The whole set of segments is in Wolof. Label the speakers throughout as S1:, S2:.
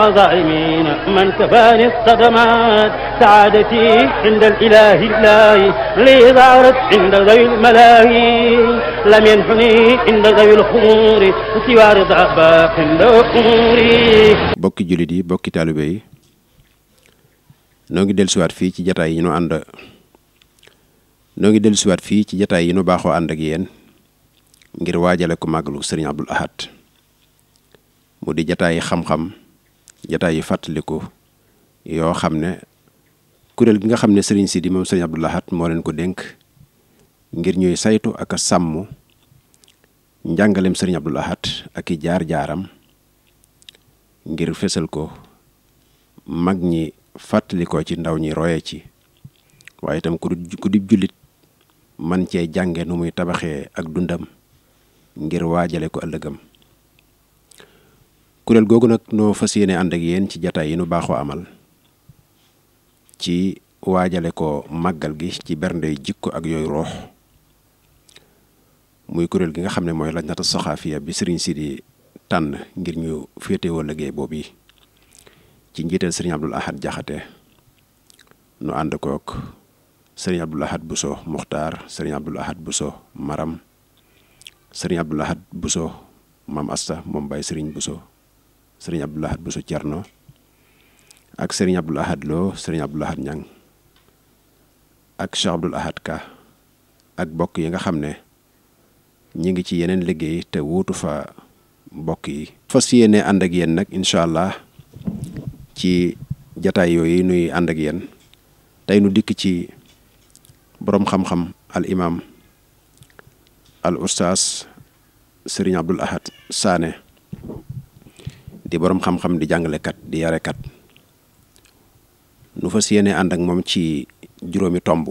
S1: والظالمين من كفاني الصدمات سعادتي عند الإله الله لي ظهرت عند ذوي الملاهي لم ينحني عند ذوي الخمور سوى رضا باق أموري bokki jullit yi bokki taalibe noo ngi dellusiwaat fii ci jataay yi ñu ànd noo ngi dellusiwaat fii ci jataay yi ñu baaxoo ànd ak yéen ngir waajale ko màggalu Sëriñ Abdul Ahad mu di jataayi xam-xam jataay yi fàttaliku yoo xam ne kuréel gi nga xam ne sëriñ Sidi moom sëriñ Abdou moo leen ko dénk ngir ñuy saytu ak sàmm njàngaleem sëriñ Abdou ak i jaar-jaaram ngir fësal ko mag ñi fàttalikoo ci ndaw ñi roye ci waaye itam ku du ku di jullit man cee jànge nu muy tabaxee ak dundam ngir waajale ko ëllëgam kuréel googu nag noo fas yéene ànd ak yéen ci jataay yi nu baaxoo amal ci waajale ko màggal gi ci bernde jikko ak yooyu roox muy kuréel gi nga xam ne mooy lañ nata soxaafiya bi sëriñ Sidi tànn ngir ñu féetewoo liggéey boobu yi ci njiital sëriñ Abdul Ahad Jaxate nu ànd kook sëriñ Abdul Ahad Buso Muxtaar sëriñ Abdul Ahad Buso Maram sëriñ Abdul Ahad Buso Maam Asta moom Baye sëriñ Buso sëriñ Abdoul Ahad Bousso Thierno ak sëriñ Abdoul Ahad Lo sëriñ Abdoul Ahad Niang ak Cheikh Abdoul Ahad Ka ak bokk yi nga xam ne ñi ngi ci yeneen liggéey te wuutu fa mbokk yi fas yéene ànd ak yéen nag incha allah ci jataay yooyu nuy ànd ak tey nu dikk ci boroom xam-xam al imam al ustaas sëriñ Abdoul Ahad Sané di boroom xam-xam di jàngalekat di yarekat nu fas yéene ànd ak moom ci juróomi tomb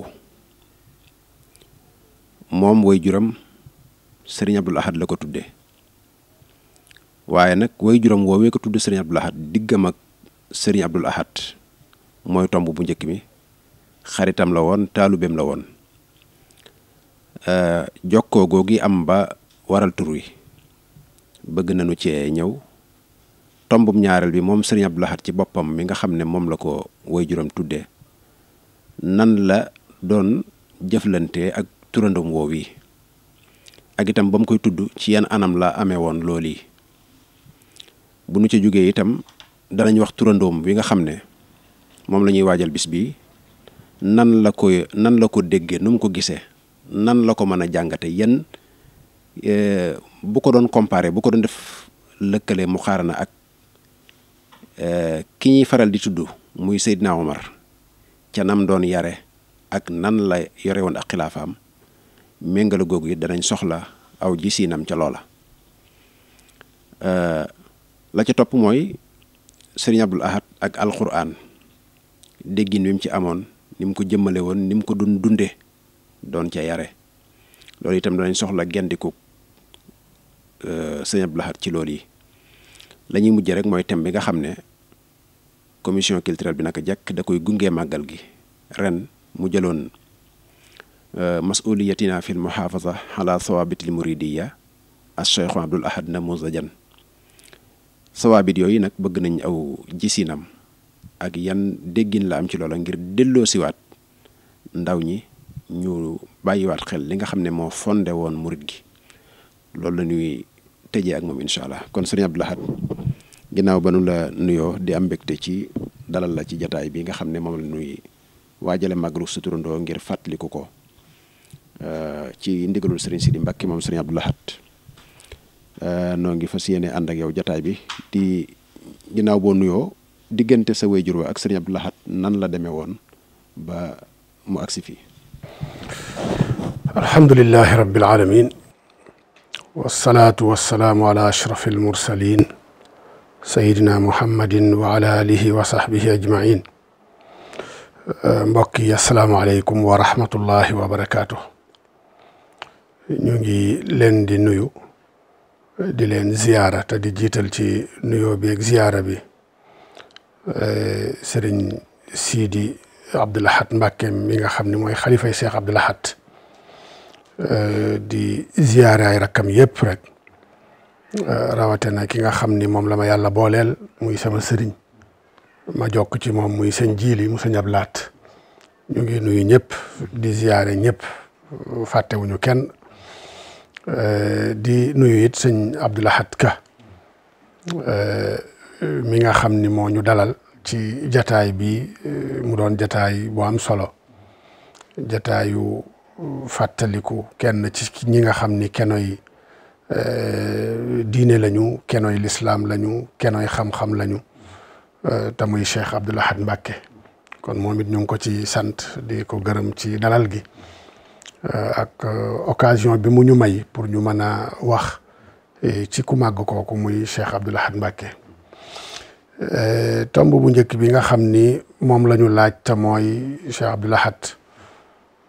S1: moom way juróom sëriñ Abdul Ahad la ko tudde waaye nag juróom juram woowee ko tudde sëriñ Abdul Ahad diggam ak sëriñ Abdul Ahad mooy tomb bu njëkk mi xaritam la woon taalubeem la woon jokkoo googi am ba waral tur wi bëgg nañu cee ñëw tombum ñaareel bi moom sëriñ Abdou ci boppam mi nga xam ne moom la ko woy juróom tuddee nan la doon jëflante ak turandoom woow yi ak itam ba mu koy tudd ci yan anam la amee woon loolu bu nu ci jógee itam danañ wax turandoom bi nga xam ne moom la ñuy waajal bis bi nan la ko nan la ko déggee nu mu ko gisee nan la ko mën a jàngate yan eh, bu ko doon comparé bu ko doon def lëkkalee mu na ak Eh, ki ñuy faral di tudd muy Seydina Omar ca nam doon yare ak nan la yore woon ak xilaafaam méngale googu it danañ soxla aw gisiinam ca loola eh, la ca topp mooy Serigne Ahad ak alquran déggin wi mu ci amoon ni mu ko jëmmale woon ni mu ko dun dunde doon ca yare loolu itam danañ soxla gendiku eh, Serigne Abdul Ahad ci lool yi lañuy mujje rek mooy thème bi nga xam ne commission culturelle bi naka jekk da koy gunge màggal gi ren mu jëloon euh, masuliyatina fil muhafaza ala sawabitil muridiya as cheikh abdul ahad na muzajan sawaabit yooyu nag bëgg nañ aw gisinam ak yan déggin la am ci loola ngir delloo siwaat ndaw ñi ñu bàyyiwaat xel li nga xam ne moo fonde woon murit gi loolu la ñuy tëjee ak moom incha allah kon sëriñ Abdou Lahad ginnaaw ba nu la nuyoo di am mbégte ci dalal la ci jataay bi nga xam ne moom la nuy waajale màggalu suturandoo ngir fàttaliku ko euh, ci ndigalul sëriñ Sidi Mbàkke moom sëriñ Abdou Lahad euh, noo ngi fas yéene ànd ak yow jataay bi di ginnaaw boo nuyoo diggante sa wéyjur wa ak sëriñ Abdou Lahad nan la demee woon ba mu
S2: agsi fii alhamdulillahi rabbil alamin wassalaatu wassalaamu ala ashrafil mursalin sayidina muhammadin wa ala alihi wa sahbihi ajmain mbokk yi asalaamaaleykum wa rahmatullahi wa barakaatu ñu ngi leen di nuyu di leen ziyaara te di jiital ci nuyoo bi ak ziyaara bi e, sëriñ Sidi Abdoul Ahad mi nga xam ne mooy xalifa Cheikh Abdoul e, di ziyaara ay rakkam yëpp rek Euh, rawatina ki nga xam ni moom la ma yàlla booleel muy sama sëriñ ma jokk ci moom muy sëñ jiili mu sëñ ab laat ñu ngi nuyu ñëpp di ziyaare ñëpp fàttewuñu kenn euh, di nuyu it sëñ Abdou Lahad Ka euh, mi nga xam ni moo ñu dalal ci jataay bi mu doon jataay bu am solo jataayu fàttaliku kenn ci ñi nga xam ni keno yi Euh, diine lañu kenooy lislaam lañu kenooy xam-xam lañu euh, te muy Cheikh Abdoul Ahad kon moom it ñu ngi ko ci sant di ko gërëm ci dalal gi euh, ak occasion bi mu ñu may pour ñu mën a wax ci ku màgg kooku muy Cheikh Abdoul Ahad Mbacké bu njëkk bi nga xam ni moom la ñu laaj te mooy Cheikh Abdoul Ahad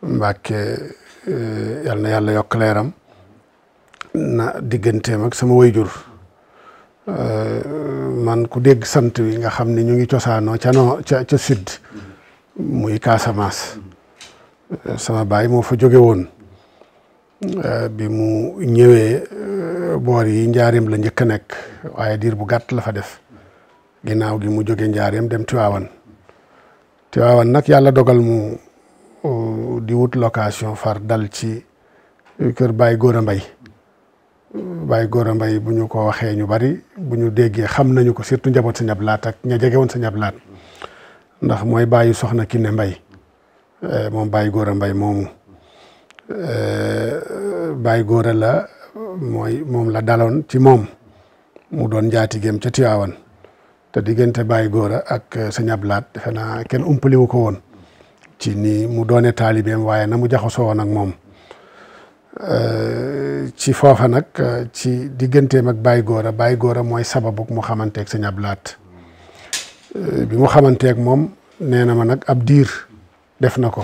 S2: na yàlla yokk leeram na digganteem ak sama wayjur euh, man ku dégg sant wi nga xam ni ñu ngi cosaanoo ca noo ca muy Casamance euh, sama baay moo fa jóge woon euh, bi mu ñëwee boor yi njaareem la njëkk a nekk waaye diir bu gàtt la fa def ginnaaw gi mu jóge njaareem dem waawan te waawan nag yàlla dogal mu di wut location far dal ci kër baay góor a Mbaye Baye Gora mbay bu ñu ko waxee ñu bari bu ñu déggee xam nañu ko surtout njaboot Sëñ Abdu Lahat ak ña jege woon Sëñ Abdu ndax mooy bàyyi soxna ne mbay eh, moom Baye Gora mbay moomu eh, bàyyi góora la mooy moom la daloon ci moom mu doon gém ca Tiwaawan te diggante Baye Gora ak Sëñ Abdu Lahat defe naa kenn umpaliwu ko woon ci nii mu doone taalibeem waaye na mu jaxasoo woon ak moom Euh, ci foofa nag euh, ci digganteem ak Baye Gora Baye Gora mooy sababu mu xamanteeg sëñ Abdou Lahat euh, bi mu xamanteeg moom nee na ma nag ab diir def na ko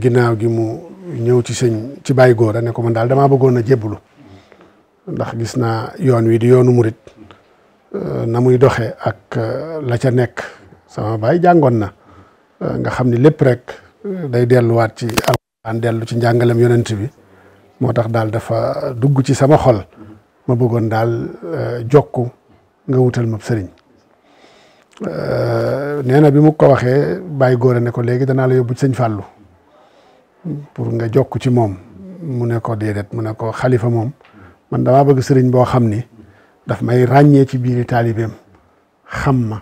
S2: ginnaaw gi mu ñëw ci sëñ ci Baye Gora ne ko man daal damaa bëggoon a jébbalu ndax gis naa yoon wi di yoonu mu murit na muy doxe ak la ca nekk sama baay jàngoon na nga xam ni lépp rek day delluwaat ci daan dellu ci njàngalem yonent bi moo tax daal dafa dugg ci sama xol ma bëggoon daal euh, jokku nga wutal ma sëriñ euh, nee na bi mu ko waxee bàyyi góor ne ko léegi danaa la yóbbu ci sëñ Fàllu pour nga jokk ci moom mu ne ko déedéet mu ne ko xalifa moom man damaa bëgg sëriñ boo xam ni daf may ràññee ci biiri taalibeem xam ma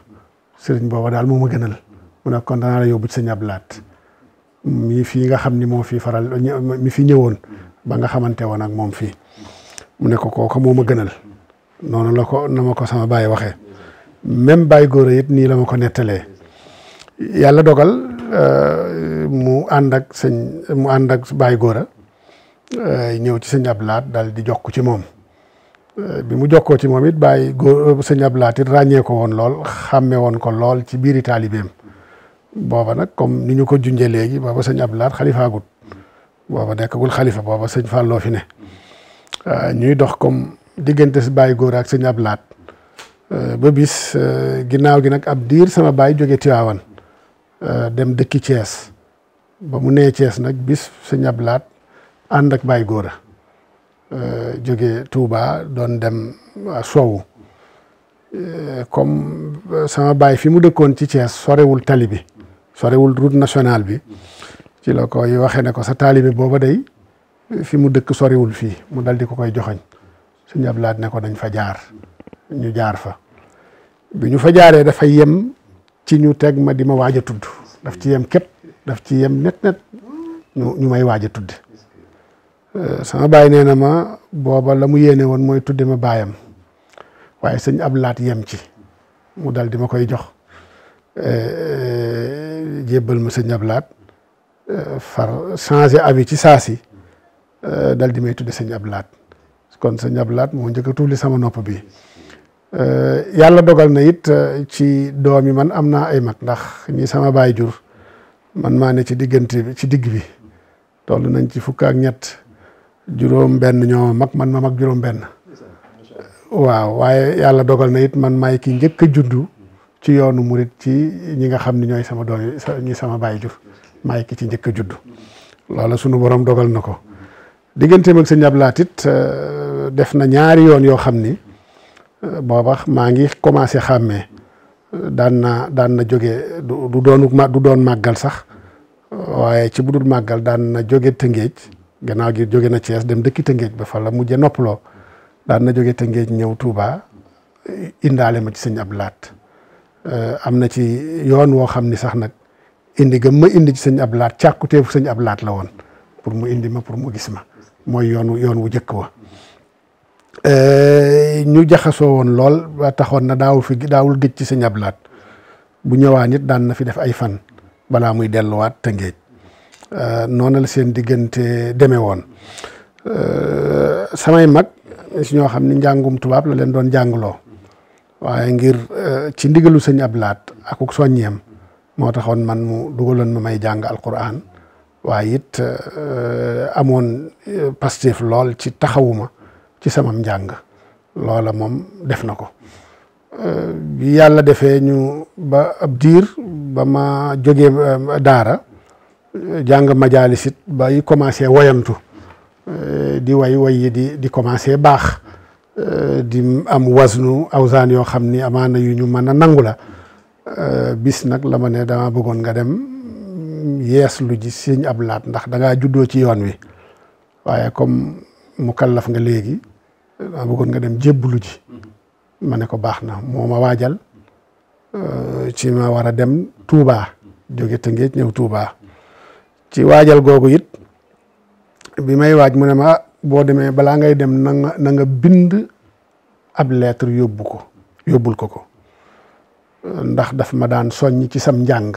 S2: sëriñ booba daal moo ma gënal mu ne kon danaa la yóbbu ci sëñ Ablaat mi fii nga xam ni moo fi faral mi fi ñëwoon ba nga xamante woon ak moom fii mu ne ko kooka moo ma gënal noonu la ko na ma ko sama bàyyi waxee même bàyyi góor yit nii la ma ko nettalee yàlla dogal euh, mu ànd ak sëñ mu ànd ak baay góora euh, ñëw ci sëñ ablaat dal di jokk ci moom euh, bi mu jokkoo ci moom it bàyyi góor sëñ ablaat it ràññee ko woon lool xàmme woon ko lool ci biir biiri taalibeem booba nag comme ni ñu ko junjee léegi booba sëñ Abdou Lahad xalifaagut booba nekkagul xalifa booba sëñ Fallou fi ne ah, ñuy dox comme diggante si Baye Góor ak sëñ Abdou Lahad eh, ba bis eh, ginnaaw gi nag ab diir sama baay jóge Tiwaawan eh, dem dëkki Thiès ba mu nee Thiès nag bis sëñ Abdou Lahad ànd ak bàyyi Góor jóge tuubaa doon dem Sow comme sama baay fi mu dëkkoon ci Thiès sorewul tali bi sorewul route nationale bi ci la koy waxee ne ko sa taalibe booba day fi mu dëkk sorewul fii mu dal di ko koy joxoñ suñu ablaat ne ko nañ fa jaar ñu jaar fa bi ñu fa jaaree dafa yem ci ñu teg ma di ma waaj a tudd daf ci yem képp daf ci yem net net ñu ñu may waaj a tudd euh, sama baay nee na ma booba la mu yéene woon mooy tudde ma baayam waaye sëñ ablaat yem ci mu dal di ma koy jox Euh, jébbal ma sëñ Abdou euh, far changé avis ci saa si euh, dal di may tudde sëñ Abdou kon sëñ Abdou moo njëkk a tuuli sama nopp bi yàlla dogal na yit ci doom yi man am naa ay mag ndax ñi sama baay jur man maa ne ci diggante bi ci digg bi toll nañ ci fukk ak ñett juróom benn ñoo mag man ma mag juróom benn waaw waaye yàlla dogal na it man maay kii njëkk a ci yoonu murit ci ñi nga xam ne ñooy sama doom ñi sama baay jur maay ki ci njëkk a juddu loola suñu borom dogal na ko diggante ak sëñ Abdou Lahat it euh, def na ñaari yoon yoo xam ni euh, booba maa ngi commencé xàmmee daan na daan na jóge du doonu ma doon màggal sax waaye ci bu dul màggal daan na jóge Tëngéej gannaaw gi jóge na cees dem dëkki Tëngéej ba fa la mujje noppaloo daan na jóge Tëngéej ñëw tuubaa indaale ma ci sëñ Abdou Lahat Euh, am na ci yoon woo xam ni sax nag indi gëm ma indi ci sëñ ab laat càkkuteefu sëñ ab laat la woon pour mu indi ma pour mu gis ma mooy yoon yoon wu jëkk wa euh, ñu jaxasoo woon lool ba taxoon na daawul fi daawul gëj ci sëñ ab laat bu ñëwaan nit daan na fi def ay fan balaa muy delluwaat Tëngéej euh, noonu la seen diggante demee woon samay mag si ñoo xam ni njàngum tubaab la leen doon jàngloo waaye ngir eh, ci ndigalu sëñ ab laat akuk soññeem moo taxoon man mu dugaloon ma may jàng alquran waaye it eh, amoon eh, pastif lool ci taxawuma ci samam njàng loola moom def na ko bi yàlla defee ñu ba ab diir ba ma jógee daara jàng majaalisit bay commencé woyantu di way way yi di di commencé baax Euh, di am wasnu awsaan yoo xam ni amaana yu ñu mën a nangu la euh, bis nag la ma ne dama bëggoon nga dem yees lu ji sëñ ab laat ndax da juddoo ci yoon wi waaye comme mu kallaf nga léegi dama bëggoon nga dem jébbalu ji ma ne ko baax na moo ma waajal euh, ci ma war a dem Touba jóge Tëngéej ñëw Touba ci waajal googu it bi may waaj mu ne ma boo demee balaa ngay dem na nga bind ab lettre yóbbu ko yóbbul ko ko ndax daf ma daan soññ ci sam njàng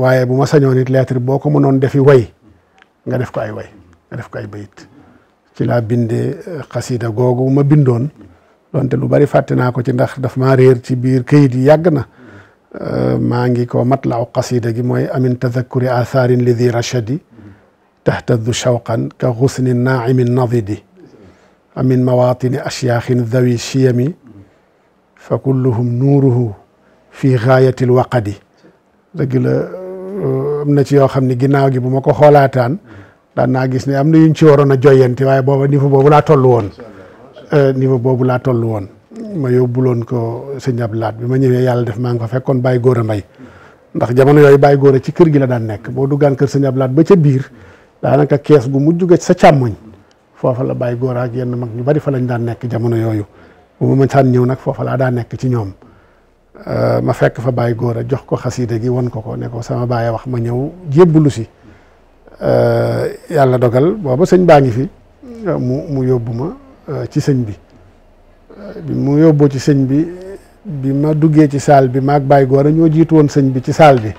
S2: waaye bu ma sañoon it lettre boo ko mënoon defi way nga def ko ay way nga def ko ay bayit ci laa bindee eh, xasida googu ma bindoon donte lu bari fàtte naa ko ci ndax daf maa réer ci biir kayit yi yàgg na eh, maa ngi ko matlaaw xasida gi mooy amin tadakkuri athaarin lidi rachadi tahtaddu shawqan ka xusni naaimin nadidi amin mawatini ashyaaxin dawi chiyami fa kulluhum nuuruhu fi gaayatil waqadi dëgg la euh, am na ci yoo xam ni ginnaaw gi bu ma ko xoolaataan daan naa gis ni am na yuñ ci waroon a joyanti waaye booba niveau boobu laa toll woon euh, niveau boobu laa toll woon ma yóbbuloon ko sëñ Ablaat bi ma ñëwee yàlla def maa ngi ko fekkoon Baye Góora Mbay ndax jamono yooyu Baye Góora ci kër gi la daan nekk boo duggaan kër sëñ Ablaat ba ca biir daanaka kees bu mujj ga sa càmmoñ foofa la bàyyi góor ak yenn mag ñu bari fa lañ daan nekk jamono yooyu bu ma mëntaan ñëw nag foofa laa daa nekk ci ñoom euh, ma fekk fa bàyyi góor a jox ko xasiide gi won ko ko ne ko sama bàyyi wax ma ñëw jébbalu si euh, yàlla dogal booba sëñ baa ngi fi mu mu yóbbu ma euh, ci sëñ bi mu yóbboo ci sëñ bi bi ma duggee ci saal bi maag bàyyi góor a ñoo jiitu sëñ bi ci saal bi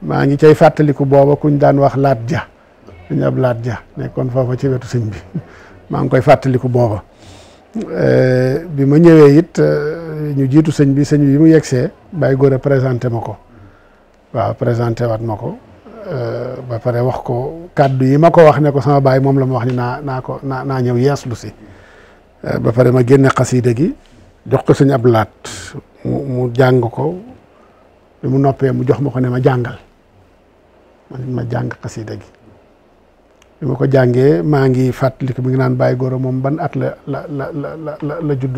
S2: maa ngi cay fàttaliku booba kuñ daan wax laat ja sëñ Abdou Lahad Dia nekkoon foofa ci wetu sëñ bi maa ngi koy fàttaliku booba eh, bi ma ñëwee it eh, ñu jiitu sëñ bi sëñ bi mu yegsee bàyyi góor a présenté ma ko waaw présenté wat ma ko eh, ba pare wax ko kàddu yi ma ko wax ne ko sama baay moom la ma wax ni naa naa ko naa naa ñëw yeeslu si ba pare ma génne xasiida gi jox ko sëñ Abdou Lahad mu mu jàng ko bi mu noppee mu jox ma ko ne ma jàngal man ma jàng xasiida gi bi ma ko jàngee maa ngi fàttaliku mi ngi naan bàyyi góor moom ban at la la la la la la judd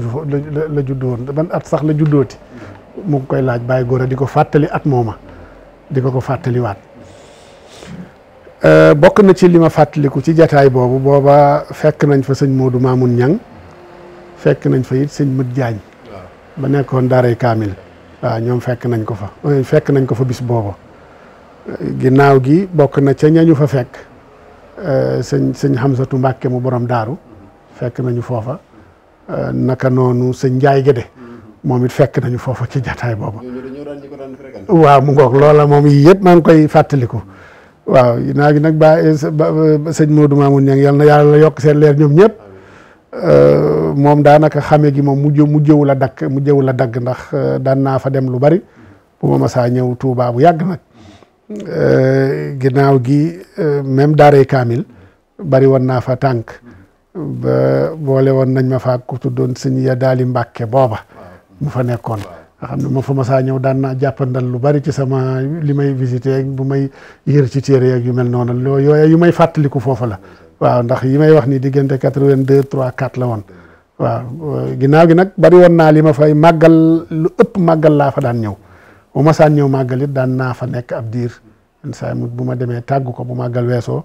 S2: la judd woon ban at sax la juddooti mu ngi koy laaj bàyyi góor di ko fàttali at mooma di ko ko fàttaliwaat. Euh, bokk na ci li ma fàttaliku ci jataay boobu booba fekk nañ fa sëñ Modou Mamoun Niang fekk nañ fa it sëñ Mët Jaañ ba nekkoon daaray kaamil waaw ñoom fekk nañ ko fa fekk nañ ko fa bis booba ginnaaw gi bokk na ca ñañu fa fekk Euh, sëñ sëñ Hamsatu Mbàkke mu borom daaru fekk nañu foofa euh, naka noonu sëñ Njaay Gédé moom it fekk nañu foofa ci jataay boobu waaw mu ngoog loola moom yii yëpp maa ngi koy fàttaliku waaw naa gi nag ba sëñ Modou Mamoun Niang yal na yàlla yokk seen leer ñoom ñëpp euh, moom daanaka xame gi moom mu jë mu jëwul a dakk mu jëwul a dagg ndax daan naa fa dem lu bari bu ma masaa ñëw Tuubaa bu yàgg nag Euh, ginnaaw gi euh, même daaray kaamil bari woon naa fa tànk ba boole woon nañ ma faa ku tuddoon sëñ ya daali mbàkke booba mu fa nekkoon nga xam ne ma fa masaa ñëw daan naa jàppandal lu bari ci sama li may visité bu may yër ci téere yeeg yu mel noonu loo yooya yu may fàttaliku foofu la waaw ndax yi may wax ni diggante quatre-vingt-deux trois quatre la woon waaw euh, ginnaaw gi nag bari woon naa li ma fay màggal lu ëpp màggal laa fa daan ñëw bu ma saan ñëw màggal it daan naa fa nekk ab diir saa bu ma demee tàggu ko bu màggal weesoo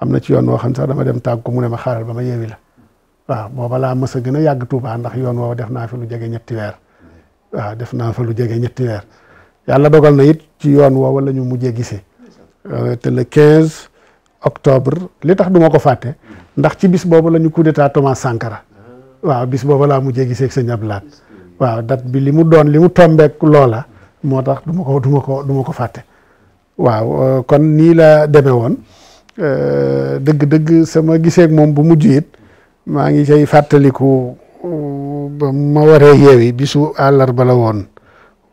S2: am na ci yoon woo xam ne sax dama dem tàggu ko mu ne ma xaaral ba ma yeewi la waaw booba laa mës a gën a yàgg Touba ndax yoon woowu def naa fi lu jege ñetti weer waaw def naa fa lu jege ñetti weer yàlla dogal na it ci yoon woowu la ñu mujjee gisee euh, te le 15 octobre li tax du ko fàtte ndax ci bis boobu lañu ñu coup d'état Thomas Sankara waaw bis boobu laa mujjee gisee ak sëñ Ablaat waaw date li mu doon loola moo tax du ma ko du ma ko fàtte waaw euh, kon nii la demee woon dëgg-dëgg euh, sama giseek moom bu mujj it maa ngi cay fàttaliku euh, ba ma waree yeewi bisu àllarba la woon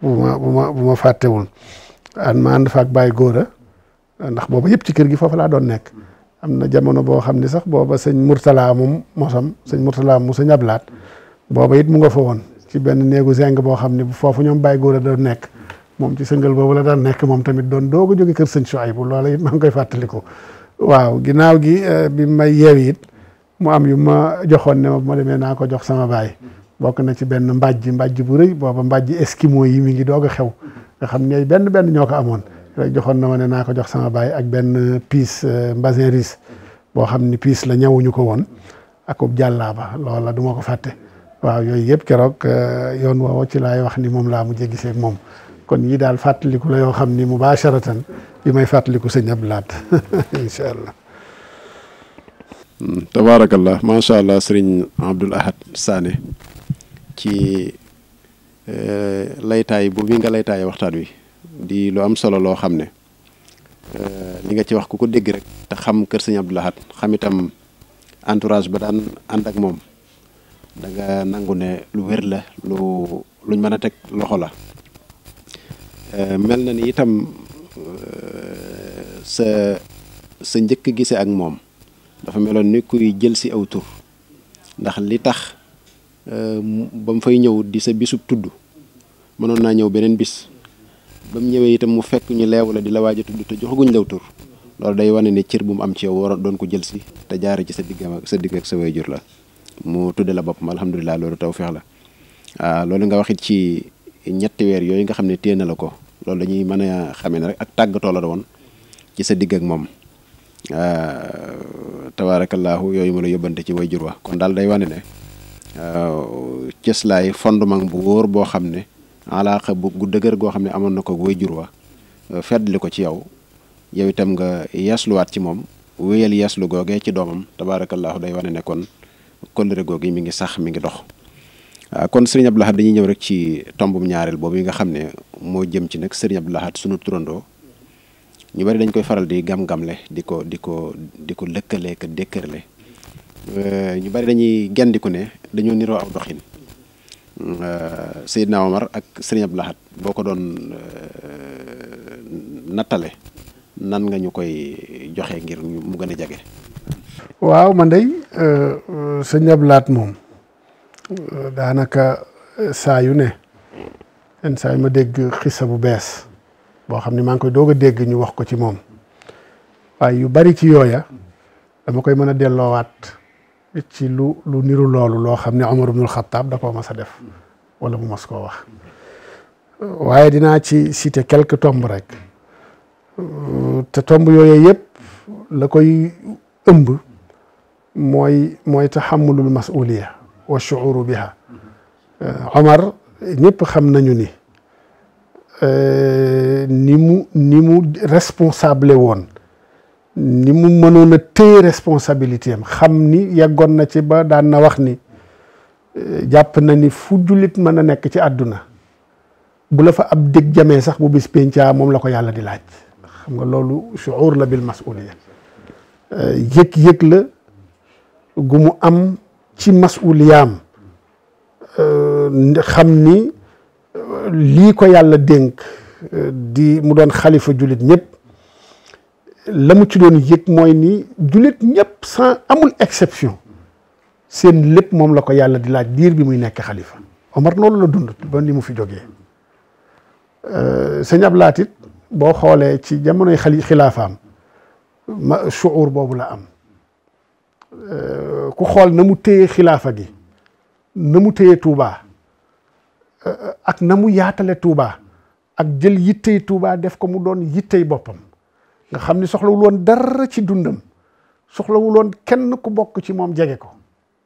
S2: bu ma bu ma fàttewul an ma ànd faak bàyyi góora ndax booba yëpp ci kër gi foofu laa doon nekk am na jamono boo xam ne sax booba sëñ Mourtala moom mosam sëñ Mourtala mu sëñ Ablaat booba it mu nga fa woon ci benn néegu zeng boo xam ne foofu ñoom bàyyi góora a doon nekk moom ci sëngal boobu la daan nekk moom tamit doon doog a jóge kër sëñ bu loola it maa ngi koy fàttaliku waaw ginnaaw gi eh, bi may yeew it mu am yu ma joxoon ne ma bu ma demee naa ko jox sama baay bokk na ci benn mbàjj mbàjj bu rëy ba mbàjj eskimo yi mi ngi doog a xew nga xam ne benn benn ñoo ko amoon rek joxoon na ma ne naa ko jox sama baay ak benn piis eh, mbasin ris boo xam ni piis la ñawuñu ko woon akub jàllaaba loola du ko fàtte waaw yooyu yëpp keroog eh, yoon woowo ci laay wax ni moom laa mujjee gisee moom kon yi daal fàttaliku la yoo xam ni mubasharatan yi may fàttaliku sëñ Abdou laat incha allah.
S1: Mm, tabaarakallah macha allah sëriñ Abdoul Ahad Sané ci eh, laytaay bu bi nga laytaay waxtaan wi di lu am solo loo xam ne eh, li nga ci wax ku ko dégg rek te xam kër sëñ Abdou Lahad xam itam entourage ba daan ànd ak moom danga nangu ne lu wér la lu luñ mën a teg loxo la. Eh, mel na ni itam eh, sa sa njëkk gise ak moom dafa meloon ni kuy jël si aw tur ndax li tax eh, ba mu fay ñëw di sa bisub tudd mënoon naa ñëw beneen bis ba mu ñëwee itam mu fekk ñu leew la di la waaj a tudd te joxaguñ law tur loolu day wane ne cir bu mu am ci yow waroon doon ko jël si te jaare ci sa diggam ak sa digg ak sa wayjur la mu tudde la boppam alhamdulilah loolu tawfeex la waaw ah, loolu nga waxit ci ñetti weer yooyu nga xam ne téye na la ko loolu dañuy mën a xamee ne rek ak tàggatoo la woon ci sa digg ak moom euh, tabaarakallaahu yooyu mën a yóbbante ci way jur wa kon daal day wane ne euh, cëslaay fondement bu wóor boo xam ne alaaqa bu gu dëgër goo xam ne amoon na ko way jur wa euh, feddli ko ci yow yow itam nga yeesluwaat ci moom wéyal yeeslu googee ci doomam tabaarakallaahu day wane ne kon kóllëre googi mi ngi sax mi ngi dox Ah, kon sëriñ Abdou Lahad dañuy ñëw rek ci tombum ñaareel boobu yi nga xam ne moo jëm ci nag sëriñ laxaat Lahad sunu turandoo ñu bari dañ koy faral di gam-gamle di ko di ko di ko lëkkalee ka dékkërle eh, ñu bari dañuy gandiku ne dañoo niroo aw doxin mm, eh, Seydina Omar ak sëriñ Abdou boo ko doon eh, nattale nan nga ñu koy joxe ngir mu gën a jage.
S2: waaw man day sëriñ Abdou moom. daanaka eh, saa yu ne yenn saa yu ma dégg xissa bu bees boo xam ne maa ngi koy doog dégg ñu wax ko ci moom waaye yu bari ci yooya dama koy mën a delloowaat ci lu lu niru loolu loo xam ne Omar ibnul Xattaab da koo mas a def wala mu mas koo wax waaye dinaa ci citer quelques tombes rek te tomb yooyu yëpp la koy ëmb mooy mooy taxamulul masuliya wa shuuru biha Omar ñëpp xam nañu ni euh, ni mu ni mu responsable woon ni mu mënoon a téye responsabilité xam ni yeggoon na ci ba daan na wax ni euh, jàpp na ni fu jullit mën na nekk ci àdduna bu la fa ab dég jamee sax bu bis pencaa moom la ko yàlla di laaj xam nga loolu shuur la bil masuuliya euh, yëg-yëg la gu mu am ci masuliyaam euh, xam ni euh, lii ko yàlla dénk euh, di mu doon xalifa jullit ñëpp la mu ci doon yëg mooy ni jullit ñëpp sans amul exception seen lépp moom la ko yàlla di laaj diir bi muy nekk xalifa Omar loolu la dund ba ni mu fi jógee sëñ Abdou Lahat boo xoolee ci jamonoy xali xilaafaam ma shuur boobu la am Euh, ku xool na mu téye xilaafa gi na mu téye Touba euh, ak na mu yaatale Touba ak jël yittey Touba def ko mu doon yittey boppam nga xam ni soxlawul woon dara ci dundam soxlawul woon kenn ku bokk ci moom jege ko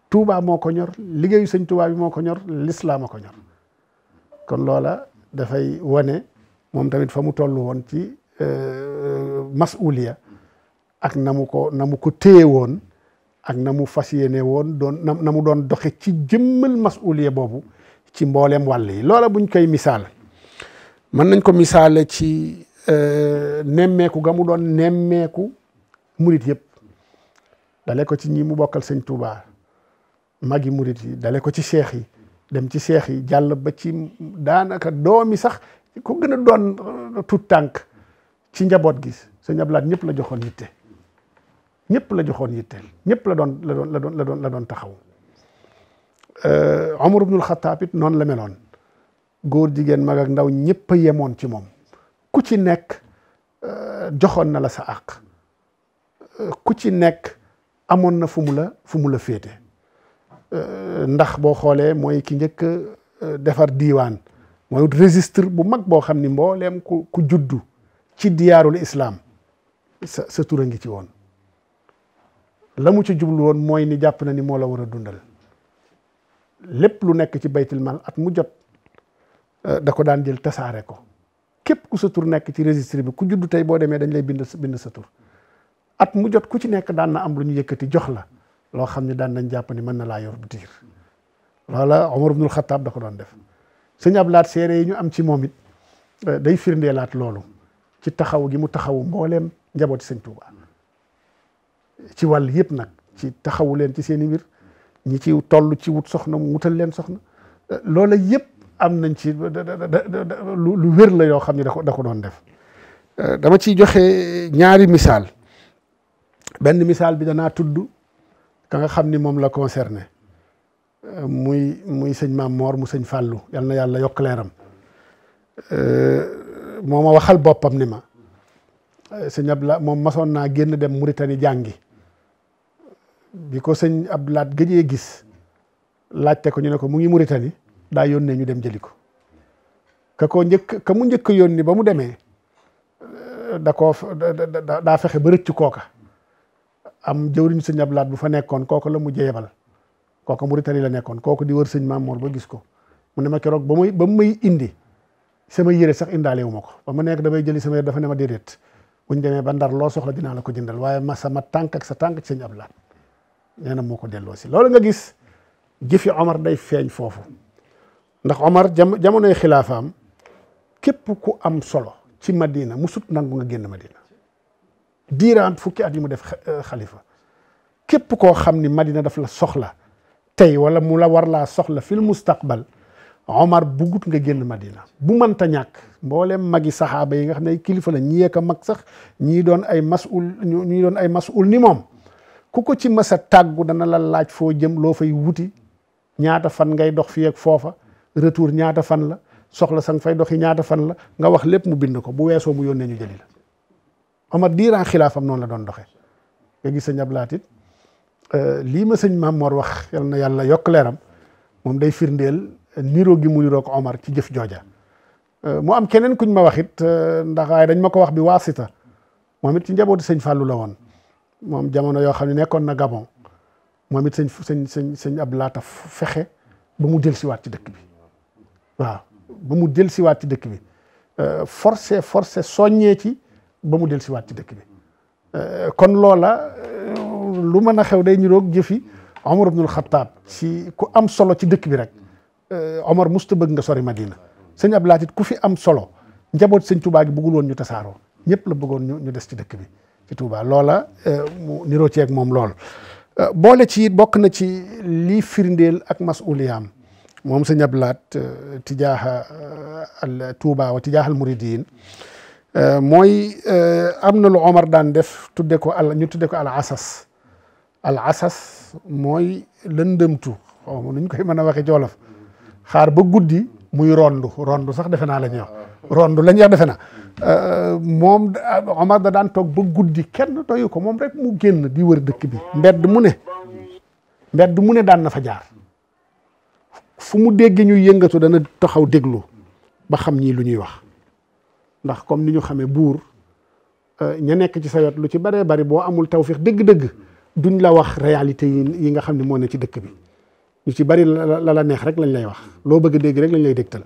S2: Touba moo ko ñor liggéeyu sëñ Touba bi moo ko ñor lislaam ko ñor kon loola dafay wane moom tamit fa mu toll woon ci euh, masuliya ak na mu ko na mu ko téye woon ak na mu fas yéene woon doon na na mu doon doxe ci jëmmal masuliya boobu ci mbooleem wàll yi loola buñ koy misaal mën nañ ko misaale ci euh, nemmeeku ga mu doon nemmeeku murit yëpp dale ko ci ñi mu bokkal sëñ Touba magi murit yi dale ko ci seex yi dem ci seex yi jàll ba ci daanaka doomi sax ko gën a doon euh, tut tànk ci njaboot gi sëñ Ablaat ñëpp la joxoon yitte ñëpp la joxoon yitteel ñëpp la doon la doon la doon la doon la doon taxaw euh, Omar ibnul Xataab it noonu la meloon góor jigéen mag ak ndaw ñëpp a yemoon ci moom ku ci nekk euh, joxoon na la sa àq euh, ku ci nekk amoon na fu mu la fu mu la féete ndax boo xoolee mooy ki njëkk defar diiwaan mooy registre bu mag boo xam ni mbooleem ku ku juddu ci diyaarul islaam sa sa tur a ngi ci woon la mu ci jublu woon mooy ni jàpp na ni moo la war a dundal lépp lu nekk ci baytil mal at mu jot euh, da ko daan jël tasaare ko képp ku sa nekk ci registre bi ku juddu tey boo demee dañ lay bind bind sa at mu jot ku ci nekk daan na am lu ñu yëkkati jox la loo xam ne daan nañ jàpp ni mën na laa yor bu diir loola Omar ibnul Xattaab da ko doon def sëñ Ablaat seere yi ñu am ci moom it euh, day firndeelaat loolu ci taxaw gi mu taxawu mbooleem njaboot sëñ ci wàll yëpp nag ci taxawu leen ci seen i mbir ñi ci toll ci wut soxna mu wutal leen soxna euh, loola yépp am nañ ci lu wér la yoo xam ne da ko doon def euh, dama ciy joxe ñaari misaal benn misaal bi danaa tudd ka nga xam ni moom la concerné euh, muy muy sëñ Maam Moor mu sëñ Fàllu yal na yàlla yokk leeram moo ma waxal boppam ni ma sëñ Abla moom masoon naa génn dem Mauritanie jàngi bi ko sëñ ab laat gëjee gis laajte ko ñu ne ko mu ngi Mauritanie daa yónnee ñu dem jëli ko ka ko njëkk ka mu njëkk yónni ba mu demee euh, da koo daa fexe ba rëcc kooka am jëwriñ sëñ Abdou Lahad bu fa nekkoon kooka la mu mujjee yebal kooka Mauritanie la nekkoon kooku di wër sëñ Maam Mor ba gis ko mu ne ma keroog ba muy ba muy indi sama yére sax indaale wu ko ba mu nekk damay jëli sama yére dafa ne ma déedéet bu ñu demee ba loo soxla dinaa la ko jëndal waaye ma sama tànk ak sa tànk ci sëñ Abdou nee na moo ko delloo si loolu nga gis jëfi Omar day feeñ foofu ndax Omar jam jamonoy xilaafaam képp ku am solo ci Madina musut nangu nga génn Madina diiraan fukki at yi mu def euh, xalifa képp koo xam ni Madina daf la soxla tey wala mu la war laa soxla fil mustaqbal Omar bugut nga génn Madina bu mënta ñàkk mboolem magi saxaaba yi nga xam ne kilifa la ñii ak a mag sax ñii doon ay masul ñii doon ay masul ni moom ku ko ci mës a tàggu dana la laaj foo jëm loo fay wuti ñaata fan ngay dox fii ak foofa retour ñaata fan la soxla sang fay doxi ñaata fan la nga wax lépp mu bind ko bu weesoo mu yónnee ñu jëli la Omar diiran xilaafam noonu la doon doxe nga gis sëñ Abdou euh, lii ma sëñ Maam Mor wax yal yàlla yokk leeram moom day firndeel euh, niroo gi mu niroo ko Omar ci jëf jooja euh, mu am keneen kuñ ma wax it ndax waaye dañ ma ko wax bi waasita moom it ci njabootu sëñ Fallou la woon moom jamono yoo xam ne nekkoon na Gabon moom it sëñ sëñ sëñ sëñ laata Latif fexe ba mu jël siwaat ci dëkk bi waaw ba mu jël siwaat dëkk bi euh, forcé forcé soññee ci ba mu jël siwaat ci dëkk bi euh, kon loola euh, lu mën a xew day niroog jëfi Omar ibnul Xataab si ku am solo ci dëkk bi rek Omar musta bëgg nga sori Madina sëñ Abdou Latif ku fi am solo njaboot sëñ Tuubaa gi bëggul woon ñu tasaaroo ñëpp la bëggoon ñu ñu des ci dëkk bi ci Touba loola euh, mu niroo ceeg moom lool. Euh, boole ci bokk na ci lii firndeel ak masuliyaam moom sëñ Abdou Lahad euh, tijaaha al Touba wa tijaaha al muridin mooy am na lu Omar daan def tudde ko al ñu tudde ko al asas al asas mooy lëndëmtu xaw ma nu koy mën a waxe joolof xaar ba guddi muy rondu rondu sax defe naa la rondu la defe naa Euh, moom euh, Omar da daan toog ba guddi kenn doyu ko moom rek mu génn di wër dëkk bi mbedd mu ne mbedd mu ne daan na fa jaar fu mu dégg ñuy yëngatu dana taxaw déglu ba xam ñii lu ñuy wax ndax comme ni ñu xamee buur euh, ña nekk ci sa wet lu ci baree bari boo amul tawféex dëgg-dëgg duñ la wax réalité yi nga xam ne moo ne ci dëkk bi ñu ci bari la la neex rek lañ lay wax loo bëgg dégg rek lañ lay dégtal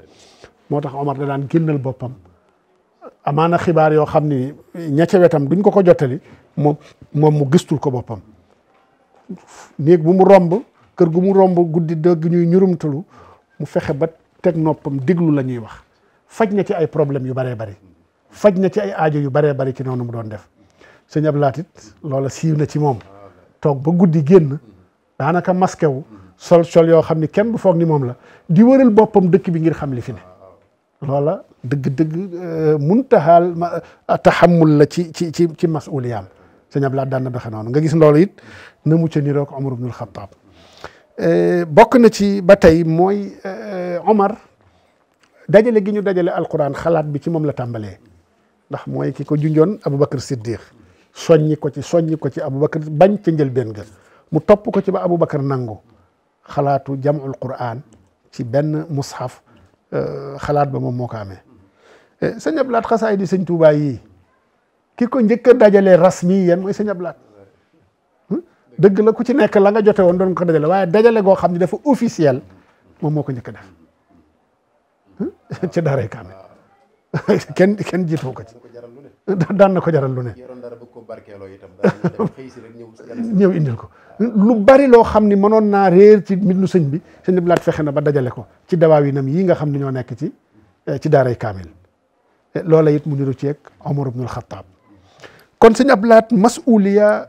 S2: moo tax Omar da daan génnal boppam amaana xibaar yoo xam ni ña ca wetam duñ ko ko jottali moom moom mu gistul ko boppam néeg bu mu romb kër gu mu romb guddi dëgg ñuy ñurumtalu mu fexe ba teg noppam déglu la ñuy wax faj na ci ay problème yu baree bari faj na ci ay aajo yu baree bari ci noonu mu doon def sëñ Abdou Lahat it loola siiw na ci moom toog ba guddi génn daanaka masqué wu sol sol yoo xam ni kenn du foog ni moom la di wëral boppam dëkk bi ngir xam li fi ne loola dëgg-dëgg euh, muntahaal taxamul la ci ci ci ci masuliyaam sëñ Abdou Lahad daan na bexe noonu nga gis loolu it na mu ca niroog Omar ibnul Xattaab euh, bokk na ci ba tey mooy euh, Omar dajale gi ñu dajale alquran xalaat bi ci moom la tàmbalee ndax mooy ki ko junjoon Aboubacar Siddiq soññi ko ci soññi ko ci Aboubacar bañ ca njëlbeen ga mu topp ko ci ba Aboubacar nangu xalaatu jamul quran ci benn mushaf xalaat ba moom moo ko amee Eh, sëñ Ablaat xasaay di sëñ Tuubaa yii ki ko njëkk a dajalee rasmi yéen mooy sëñ Ablaat hmm? dëgg la ku ci nekk la nga jote woon doon ko dajale waaye dajale goo xam ne dafa officiel moom moo ko njëkk a def hmm? ci daaray kaamil kenn kenn jiitu ko ci daan na ko jaral lu ne ñëw indil ko lu bari loo xam ni mënoon naa ci mbindu sëñ bi sëñ laat fexe na ba dajale ko ci dawaaw yi nam yii nga xam ne nekk ci eh, ci daaray kaamil Eh, loola it mu niru ceeg Omar ibnul Xattaab kon sëñ Abdou Lahad masuuliya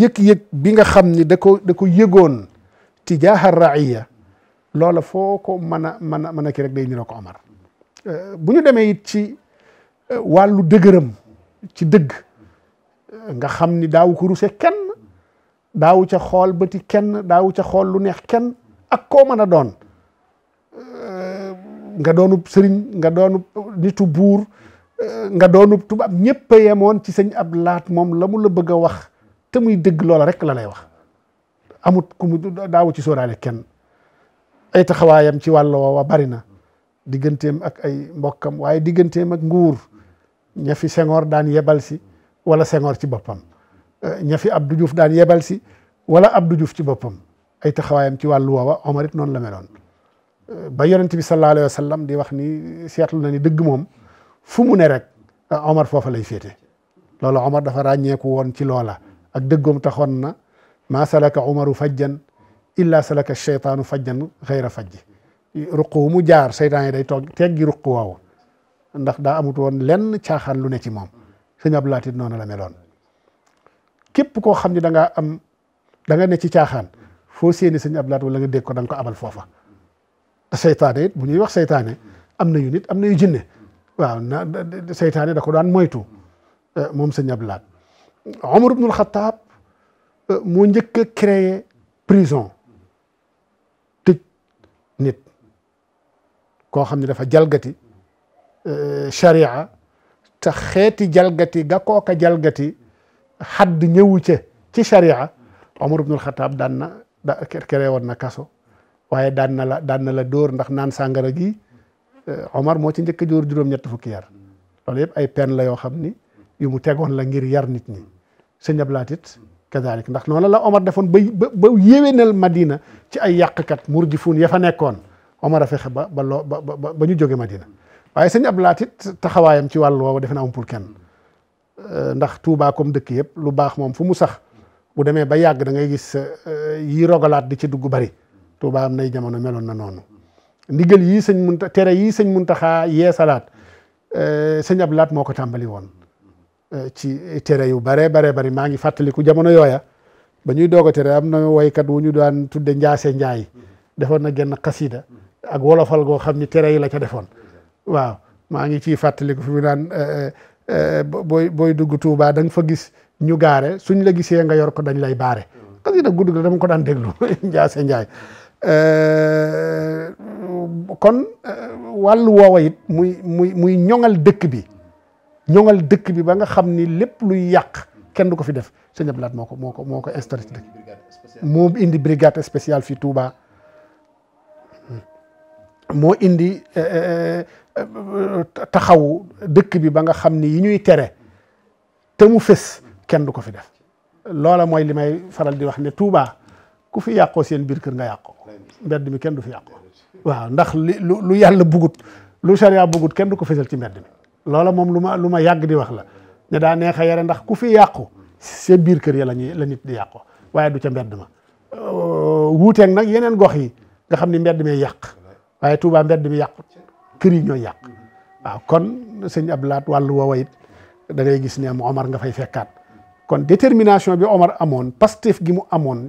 S2: yëg-yëg bi nga xam ni da ko da ko yëgoon ci jaaxal raaya loola foo ko mën a mën a mën a kii rek ko Omar eh, bu ñu demee it ci eh, wàllu dëgëram ci dëgg nga xam ni daawu ko ruse kenn daawu ca xool bëti kenn daawu ca xool lu neex kenn ak ko mën a doon nga doonu sëriñ nga doonub nitu buur nga doonu tubaab ñëpp yemoon ci sëñ ab laat moom la mu la bëgg a wax te muy dëgg loola rek la lay wax amut ku mu daawu ci sóoraale kenn ay taxawaayam ci wàll woowa bari na digganteem ak ay mbokkam waaye digganteem ak nguur ña fi Senghor daan yebal si wala Senghor ci boppam ña fi Abdou Diouf daan yebal si wala Abdou Diouf ci boppam ay taxawaayam ci wàllu woowa Omar it noonu la meloon ba yonent bi sallallahu alayhi wa di wax ni seetlu na ni dëgg moom fu mu ne rek ah, Omar foofa lay féete loolu Omar dafa ràññeeku woon ci loola ak dëggoom taxoon na maa salaka Omaru fajjan illa salaka cheytaanu fajjan xeyra fajji ruq wu mu jaar seytaan yi day toog teggi ruq ndax daa amut woon lenn caaxaan lu ne ci moom sëñ Abdou Lahat noonu la meloon képp koo xam ne da am danga nga ne ci caaxaan foo séeni sëñ Abdou Lahat wala nga dégg ko da nga ko abal foofa te seytaane it bu ñuy wax seytaane am na yu nit am na yu jinne waaw na seytaane da ko daan moytu eh, moom sëñ Abdou Lahad Omar ibnul Xataab eh, moo njëkk a créé prison tëj nit koo xam ne dafa jalgati eh, sharia te xeeti jalgati ga kooka jalgati xadd ñëwu ca ci sharia Omar ibnul Xataab daan na da na kaso waaye daan na la daan na la dóor ndax naan sàngara gi eh, Omar moo ci njëkk a dóor juróom-ñett fukki yar loolu yëpp ay peine la yoo xam ni yu mu tegoon la ngir yar nit ñi sëñ Ablaat it kadalik ndax noonu la Omar defoon ba ba yéwénal Madina ci ay yàqkat murjifuun ya fa nekkoon Omar fexe ba ba loo ba ñu jóge Madina waaye sëñ Ablaat taxawaayam ci wàllu woowu defe na umpul kenn eh, ndax Touba comme dëkk yëpp lu baax moom fu mu sax bu demee ba yàgg da ngay gis eh, yi rogalaat di ci dugg bari Touba am nay jamono meloon na noonu ndigal yii sëñ munta tere yii sëñ muntaxaa yee salaat eh, sëñ ab laat moo ko tàmbali woon eh, ci tere yu bare bare bari maa ngi fàttaliku jamono yooya ba ñuy doog a tere am na woykat wu ñu daan tudde njaase njaay defoon na genn xasida ak wolofal goo xam ni tere yi la ca defoon waaw maa ngi ciy fàttaliku fu mu naan eh, booy booy dugg Touba da nga fa gis ñu gaare suñ la gisee nga yor ko dañ lay baare mm. xasida gudd la dama ko daan déglu njaase njaay Euh, kon euh, wàllu woow it muy muy muy ñoŋal dëkk bi ñoŋal dëkk bi ba nga xam ni lépp luy yàq kenn du ko fi def sëñ Abdou Lahad moo ko moo ko moo ko instauré moo indi brigade spéciale fii Touba hmm. moo indi euh, taxaw dëkk bi ba nga xam ni yi ñuy tere te mu fës kenn du ko fi def loola mooy li may faral di wax ne Touba ku fi yàqoo seen biir kër nga yàqoo mbedd mi kenn du fi yàqu waaw ndax li lu lu yàlla bugut lu sariya bugut kenn du ko fësal ci mbedd mi loola moom lu ma lu ma yàgg di wax la ne daa neex a yare ndax ku fi yàqu seen biir kër yi la ñuy la nit di yàqu waaye du ca mbedd ma wuuteeg nag yeneen gox yi nga xam ni mbedd mee yàq waaye Touba mbedd mi yàqu kër yi ñooy yàq waaw kon sëñ ab laat wàllu woowa it da ngay gis ne am Omar nga fay fekkaat kon détermination bi Omar amoon pastif gi mu amoon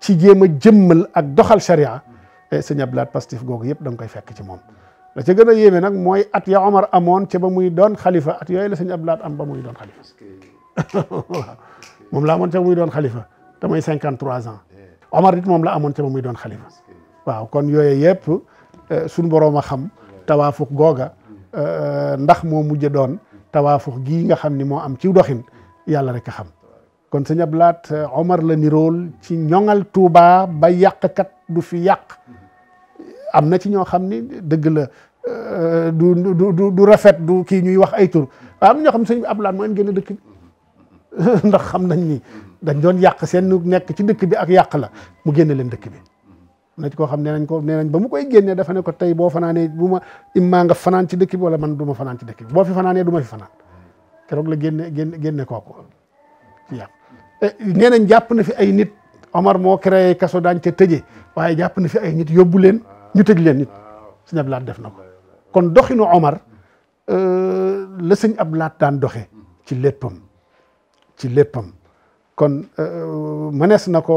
S2: ci jéem a jëmmal ak doxal sharia eh, sëñ Abdoulaye Pastef googu yëpp da nga koy fekk ci moom la ca gën a yéeme nag mooy at ya Omar amoon ca ba muy doon xalifa at yooyu la sëñ laat am ba muy doon xalifa waaw moom la amoon ca ba muy doon xalifa te mooy cinquante trois ans Omar it moom la amoon ci ba muy doon xalifa waaw kon yooyu yëpp eh, suñ boroom a xam tawaafuk googa mm. eh, ndax moo mujj doon tawaafuk gii nga xam ni moo am ci doxin yàlla rek a xam kon sëñ Abdou Lahad eh, Omar la nirool ci ñoŋal Touba ba kat du fi yàq am na ci ñoo xam ni dëgg la eh, du du du rafet du kii ñuy wax ay tur am ñoo xam ne sëñ Abdou Lahad moo dëkk bi ndax xam nañ ni dañ doon yàq seen nekk ci dëkk bi ak yàq la mu génne leen dëkk bi na ci koo xam ne nañ ko nee nañ ba mu koy génnee dafa ne ko tey boo fanaanee bu ma immaa nga fanaan si dëkk bi wala man du ma fanaan ci dëkk bi boo fi fanaanee du ma fi fanaan keroog la génne génne génne kooku ci yàq Eh, nee nañ jàpp na fi ay nit Omar moo créé kaso daañ te tëjee waaye jàpp na fi ay nit yóbbu leen ñu tëj leen nit sëñ Abdou Lahad def na ko kon doxinu Omar eh, la sëñ Abdou Lahad daan doxe ci léppam ci léppam kon eh, mënees na ko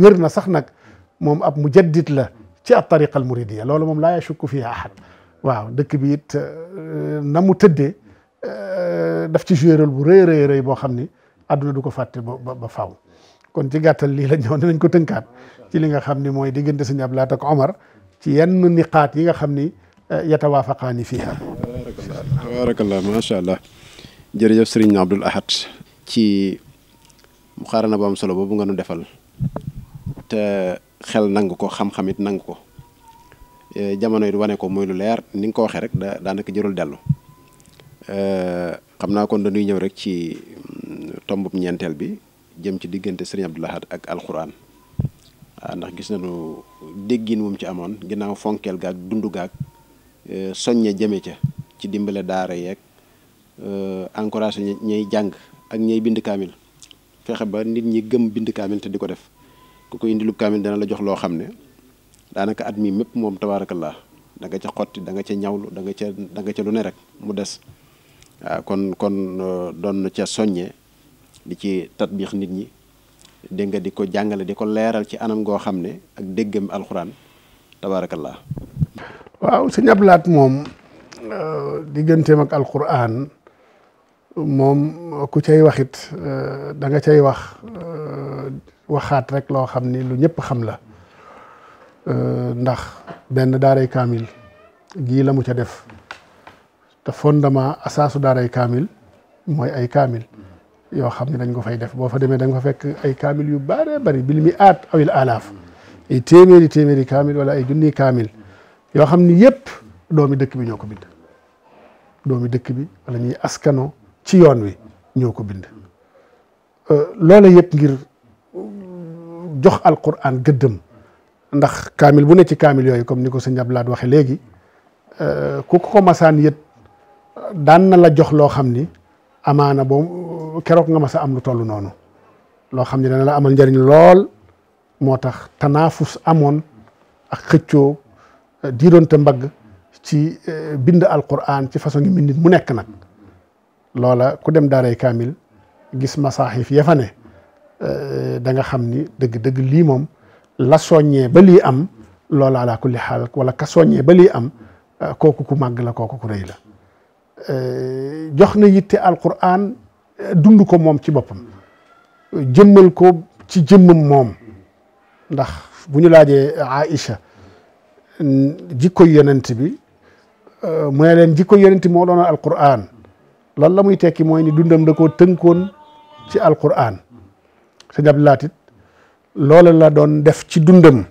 S2: wér na sax nag moom ab mujaddid la ci ab tariqa al muridiya loolu moom laa yashukku fiha ahad waaw dëkk bi it na mu tëddee daf ci joué rôle bu rëy rëy rëy boo xam ni àdduna du ko fàtte ba ba faaw kon ci gàttal lii la ñëw nañ ko tënkaat ci li nga xam ni mooy diggante sëñ Abdou Lahat ak Omar ci yenn niqaat yi nga xam ni eh, yatawaafaqaani fiiha
S1: tabarakallah macha allah jërëjëf sëriñ Abdul Ahad ci mu na ba am solo boobu nga nu defal te xel nangu ko xam-xamit nangu ko eh, jamono yi wane ko muy lu leer ni nga ko waxee rek da daanaka jërul dellu Euh, xam naa kon dañuy ñëw rek ci mm, tomb ñeenteel bi jëm ci diggante Serigne Abdoul ak alxuraan waaw ah, ndax gis nañu déggin moom ci amoon ginnaaw fonkeel gaag dund gaag euh, soññe jëme ca ci dimbale daara yeeg euh, encouragé ñay jàng ak ñay bind kaamil fexe ba nit ñi gëm bind kaamil te di ko def ku ko indi lu kaamil dana la jox loo xam ne daanaka at mii mépp moom tabaarakallah laa danga ca xotti da nga ca ñawlu danga nga ca da nga ca lu ne rek mu des waaw ah, kon kon euh, doon na ca soññe di ci tatbiix nit ñi dégg nga di ko jàngale di ko leeral ci anam goo xam ne ak déggam alxuraan tabaarakallah
S2: waaw sëñ Abdou moom euh, digganteem ak alxuraan moom ku cay waxit euh, da nga cay wax waxaat rek loo xam ni lu ñëpp xam la ndax benn daaray kaamil gii la mu ca def te fondement asaasu ay kaamil mooy ay kaamil yoo xam ne dañ ko fay def boo fa demee dañ ko fa fekk ay kaamil yu bare bari bil mi aat awil alaaf ay téeméeri téeméeri kaamil wala ay junni kaamil yoo xam ni yëpp doomi dëkk bi ñoo ko bind doomi dëkk bi wala ñuy ci yoon wi ñoo ko bind euh, loola yëpp ngir jox alquran gëddëm ndax kaamil bu nekk ci kaamil yooyu comme ni ko si Abdoulaye waxee léegi euh, ku ko masaan yët daan na la jox loo xam ni amaana boo keroog nga ma a am lu toll noonu loo xam ni dana la amal njëriñ lool moo tax tanaafus amoon ak xëccoo eh, diidoonte mbagg ci eh, bind alquran ci façon ngi mu nekk nag loola ku dem daaray kaamil gis masaaxif ya fa ne eh, danga xam ni dëgg-dëgg lii moom la soññee ba lii am loola ala kulli xaal wala ka soññee ba lii am kooku ku màgg la kooku ku rëy la jox na yitte alquran dund ko moom ci boppam jëmmal ko ci jëmmam moom ndax bu ñu laajee Aïcha jikko yonent bi mu ne leen jikko yonent moo doon alquran loolu la muy tekki mooy ni dundam da ko tënkoon ci alquran sëñ Abdou Lahat it loola la doon def ci dundam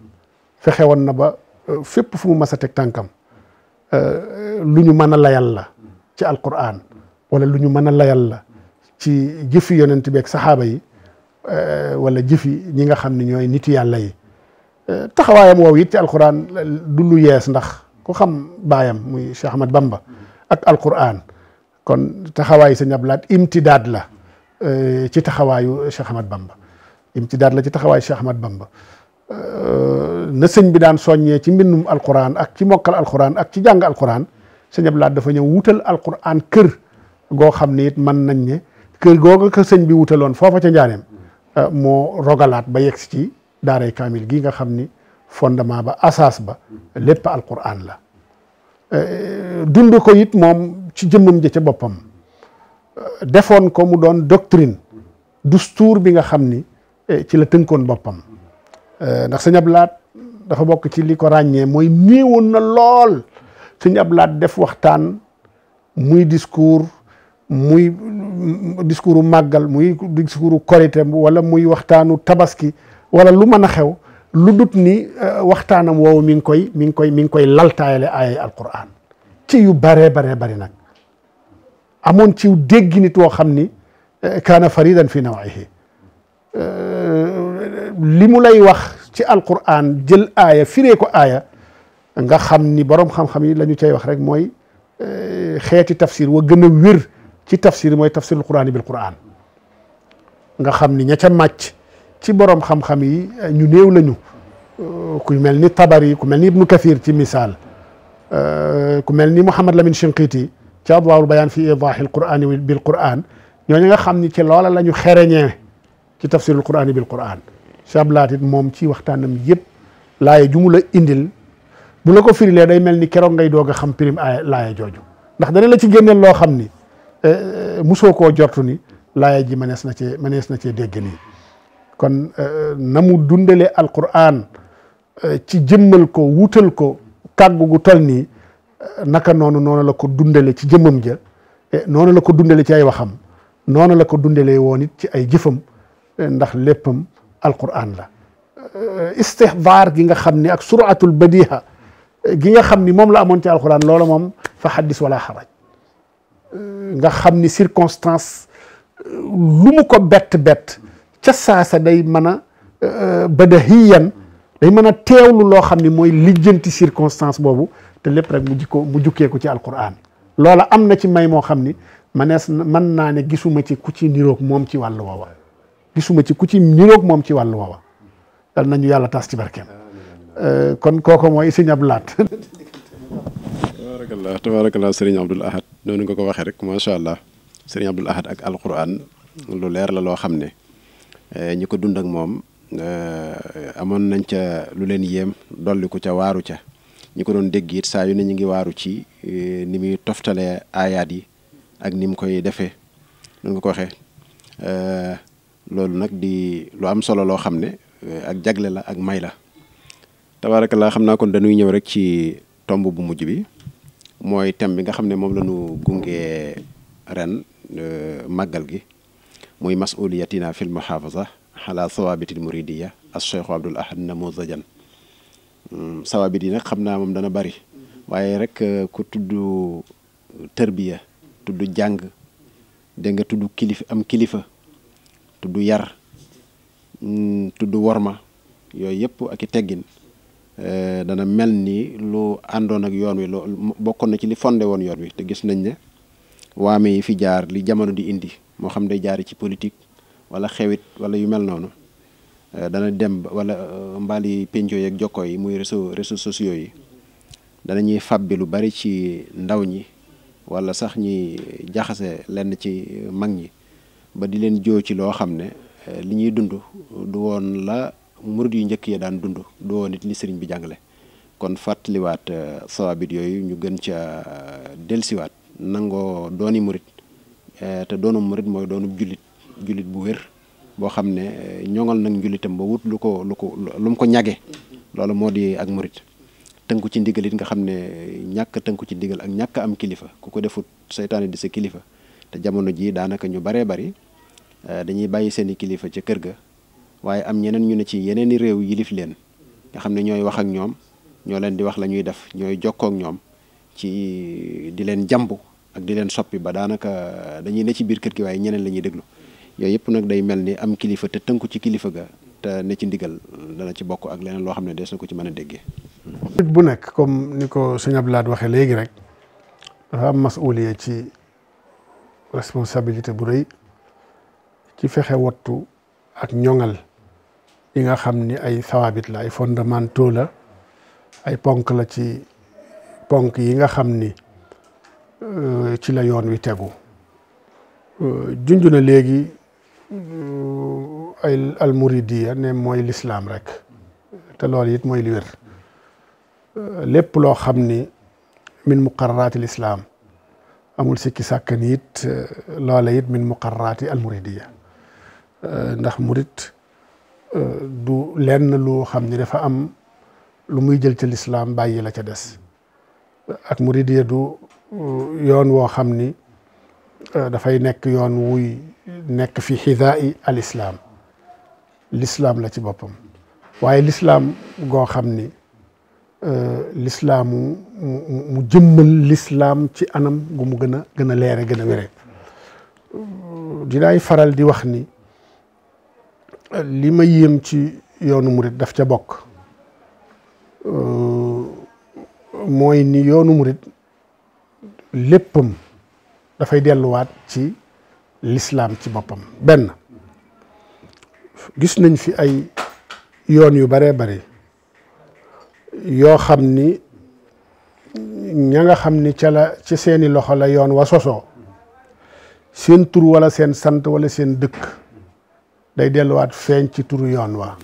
S2: fexe woon na ba fépp fu mu mas a teg tànkam lu ñu mën a layal la ci alquran wala lu ñu mën a layal la ci jëfi yonent bi ak saxaaba yi euh, wala jëfi ñi nga xam ni ñooy nit yàlla yi euh, taxawaayam woowu it ci alquran du yees ndax ku xam baayam muy Cheikh Ahmad Bamba ak alquran kon taxawaayu Sëñ Abdu Lahat imtidaad la euh, ci taxawaayu Cheikh Ahmad Bamba imtidaad la ci taxawaayu Cheikh Ahmad Bamba na sëñ bi daan soññee ci mbindum alquran ak ci mokkal alquran ak ci jàng alquran sëñ Abdou dafa ñëw wutal alquran kër goo xam ne it man nañ ne kër googa ko sëñ bi wutaloon foofa ca njaareem euh, moo rogalaat ba yegg ci daaray kaamil gi nga xam ni fondement ba asaas ba lépp alquran la euh, dund ko it moom ci jëmmam ja ca boppam euh, defoon ko mu doon doctrine dustuur bi nga xam ni ci la tënkoon boppam ndax sëñablaat dafa bokk ci li ko ràññee mooy néewoon na lool suñ ab laat def waxtaan muy discours muy discours u màggal muy discours korite korité wala muy waxtaanu tabaski wala lu mën a xew lu dut ni euh, waxtaanam woowu mi ngi koy mi ngi koy mi ngi koy laltaayale ay alquran ci yu baree baree bari nag amoon ci dégg nit woo xam ni euh, kaana faridan fi nawihi euh, li mu lay wax ci alquran jël aaya fire ko aaya nga xam ni borom xam-xam yi lañu ñu cay wax rek mooy euh, xeeti tafsir wa gën a wér ci tafsir mooy tafsirul quraani bil quraan nga xam ni ña ca màcc ci borom xam-xam yi euh, ñu néew lañu euh, ku mel ni Tabari ku mel ni Ibnu Kathir ci misaal ku mel ni Mouhamad Lamine Shinqiti ci adwaawul bayaan fi idaaxil quraani bil quraan ñooñu nga xam ni ci loola la ñu xereñee ci tafsirul quraani bil quraan Cheikh Abdou moom ci waxtaanam yëpp laay ju mu la indil. bu la ko firilee day mel ni keroog ngay doog a xam prime aaya ah, laaya jooju ndax dana la ci génneel loo xam ni eh, eh, musoo koo jortu ni laaya ji mënees na cee mënees na cee dégg nii kon eh, na mu dundalee alquran ci jëmmal ko wutal ko kàggu gu tol nii naka noonu noonu la ko dundale ci jëmmam ja noonu la ko dundale ci ay waxam noonu la ko dundalee woon it ci ay jëfam ndax léppam alquran la istihbar gi nga xam ne ak suratul badiha gi nga xam ni moom la amoon ci alxuraan loola moom fa xaddis wala xaraj nga xam ni circonstance lu mu ko bett bett ca saasa day man a euh, badahiyan day mën a teewlu loo xam ni mooy lijjanti circonstance boobu te lépp rek mu jikko mu jukkee ko ci alxuraan loola am na ci may moo xam ni manees mën naa ne gisuma ci ku ci niroog moom ci wàllu wowa gisuma ci ku ci niroog moom ci wàllu woowa dal nañu yàlla tas ci barkeem Euh, kon kooku mooy sëñ Abdou Lahad.
S1: tabaarakallah tabaarakallah sëriñ Abdul Ahad noonu nga ko waxee rek macha allah sëriñ Abdul Ahad ak alquran lu leer la loo xam ne eh, ñi ko dund ak moom eh, amoon nañ ca lu leen yéem dolli ko ca waaru ca ñi ko doon dégg it saa yu ne ñu ngi waaru ci eh, ni muy toftalee aayaat yi ak ni mu koy defee noonu nga ko waxee loolu nag di lu am solo loo xam ne ak jagle la ak may la. tabaarakallaa xam naa kon dañuy ñëw rek ci tomb bu mujj bi mooy thème bi nga xam ne moom lanu ñu ren euh, màggal gi muy masuliyatina fil muhafaza xalaa sawabitil muridiya as cheikh abdul ahad namozajan hmm, sawaabit yi nag xam naa moom dana bari waaye rek euh, ku tudd tërbiya tudd jàng dégg nga tudd kilif am kilifa tudd yar hmm, tudd worma yooyu yëpp ak teggin Eh, dana mel ni lu àndoon ak yoon wi loolu bokkoon na ci li fonde woon yoon wi te gis nañ ne waame yi fi jaar li jamono di indi moo xam day jaari ci politique wala xewit wala yu mel noonu eh, dana dem wala eh, mbali penco yeeg jokko yi muy réseau réseaux sociaux yi danañuy fàbbi lu bari ci ndaw ñi walla sax ñi jaxase lenn ci mag ñi ba di leen joo ci loo xam ne li ñuy dund du woon la murid yu njëkk ya daan dund du woon it li sëriñ bi jàngale kon fàttaliwaat euh, sawaabit yooyu ñu gën ca euh, delsiwaat nangoo dooni murid euh, te doonu murid mooy doonu jullit jullit bu wér boo xam ne ñoŋal nag njullitam ba wut lu ko lu ko lu mu ko ñage loolu moo di ak murid tënku ci ndigal nga xam ne ñàkk tënku ci ndigal ak ñàkk am kilifa ku ko defut seytaane di sa kilifa te jamono jii daanaka ñu baree bari dañuy bàyyi seeni kilifa ca kër ga waaye am ñeneen ñu ne ci yeneen i réew yilif leen nga xam ne ñooy wax ak ñoom ñoo leen di wax la ñuy def ñooy jokkoo ak ñoom ci di leen jàmbu ak di leen soppi ba daanaka dañuy ne ci biir kër gi waaye ñeneen la ñuy déglu yooyu yëpp nag day mel ni am kilifa te tënku ci kilifa ga te ne ci ndigal dana ci bokk ak leneen loo xam ne des na ko ci mën a déggee.
S2: nit bu nekk comme ni ko sëñ Abdou Lahad waxee léegi rek dafa am masuuliya ci responsabilité bu rëy ci fexe wattu ak ñoŋal. yi nga xam ni ay sawaabit la ay fondamentaux la ay ponk la ci ponk yi nga xam ni euh, ci la yoon wi tegu euh, junj na léegi euh, ay almuridiya ne mooy lislaam rek te loolu it mooy li wér lépp loo xam ni min muqararaati lislaam amul sikki sàkkan it lool it min muqararaati almuridiya ndax murit Euh, du lenn lu xam ni dafa am lu muy jël ci lislaam bàyyi la ca des ak muridiya du euh, yoon woo xam ni euh, dafay nekk yoon wuy nekk fi xidaa'i al lislaam la ci boppam waaye lislaam goo xam ni lislaam mu mu jëmmal lislaam ci anam gu mu gën a gën a leere gën a wére dinaay faral di wax ni li ma yéem ci yoonu murit daf ca bokk euh, mooy ni yoonu murit léppam dafay delluwaat ci lislaam ci boppam benn gis nañ fi ay yoon yu baree bari yoo xam ni ña nga xam ni ca la ci seeni loxo la yoon wa sosoo seen tur walla seen sant wala seen dëkk day delluwaat feeñ ci turu yoon wa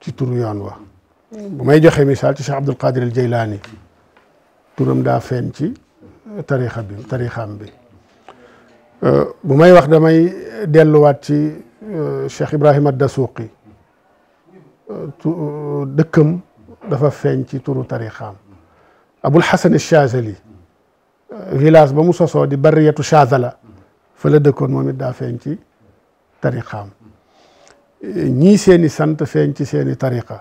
S2: ci turu yoon wa bu may joxe misaal ci Cheikh Abdul Qadir al Jaylaani turam daa feeñ ci tarixa bi tarixam bi euh, bu may wax damay delluwaat ci euh, Cheikh Ibrahima Dasuuqi euh, dëkkam dafa feeñ ci turu tarixam Abul Xasan Chazali village ba mu sosoo di bariyatu Chazala fa la dëkkoon moom it daa feeñ ci tariqaam ñii seeni sant feeñ ci seeni tariqa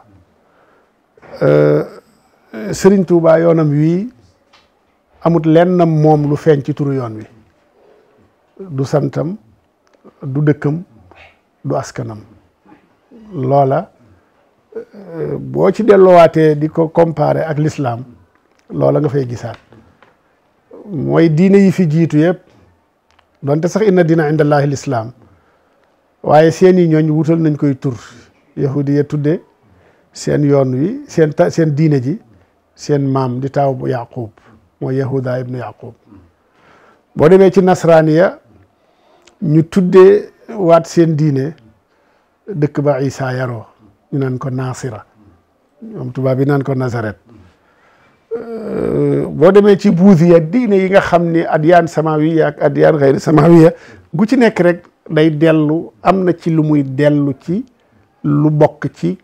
S2: eh, sëriñ Tuubaa yoonam wii amut lennam moom lu feeñ ci turu yoon wi du santam du dëkkam du askanam loola eh, boo ci delloowaatee di ko comparer ak lislaam loola nga fay gisaat mooy diine yi fi jiitu yëpp donte sax inna dina indallahi lislaam waaye seen i ñooñ wutal nañ koy tur yahudi ya tudde seen yoon wi seen ta seen diine ji seen maam di taaw bu yaqub mooy yahuda ibnu yaqub boo demee ci ya ñu tuddee waat seen diine dëkk ba isa yaroo ñu nan ko nasira ñoom tubaab yi naan ko nazaret euh, boo demee ci buusiya diine yi nga xam ni adyaan samawiya ak adyaan xayri samawiya gu ci nekk rek day dellu am na ci lu muy dellu ci lu bokk ci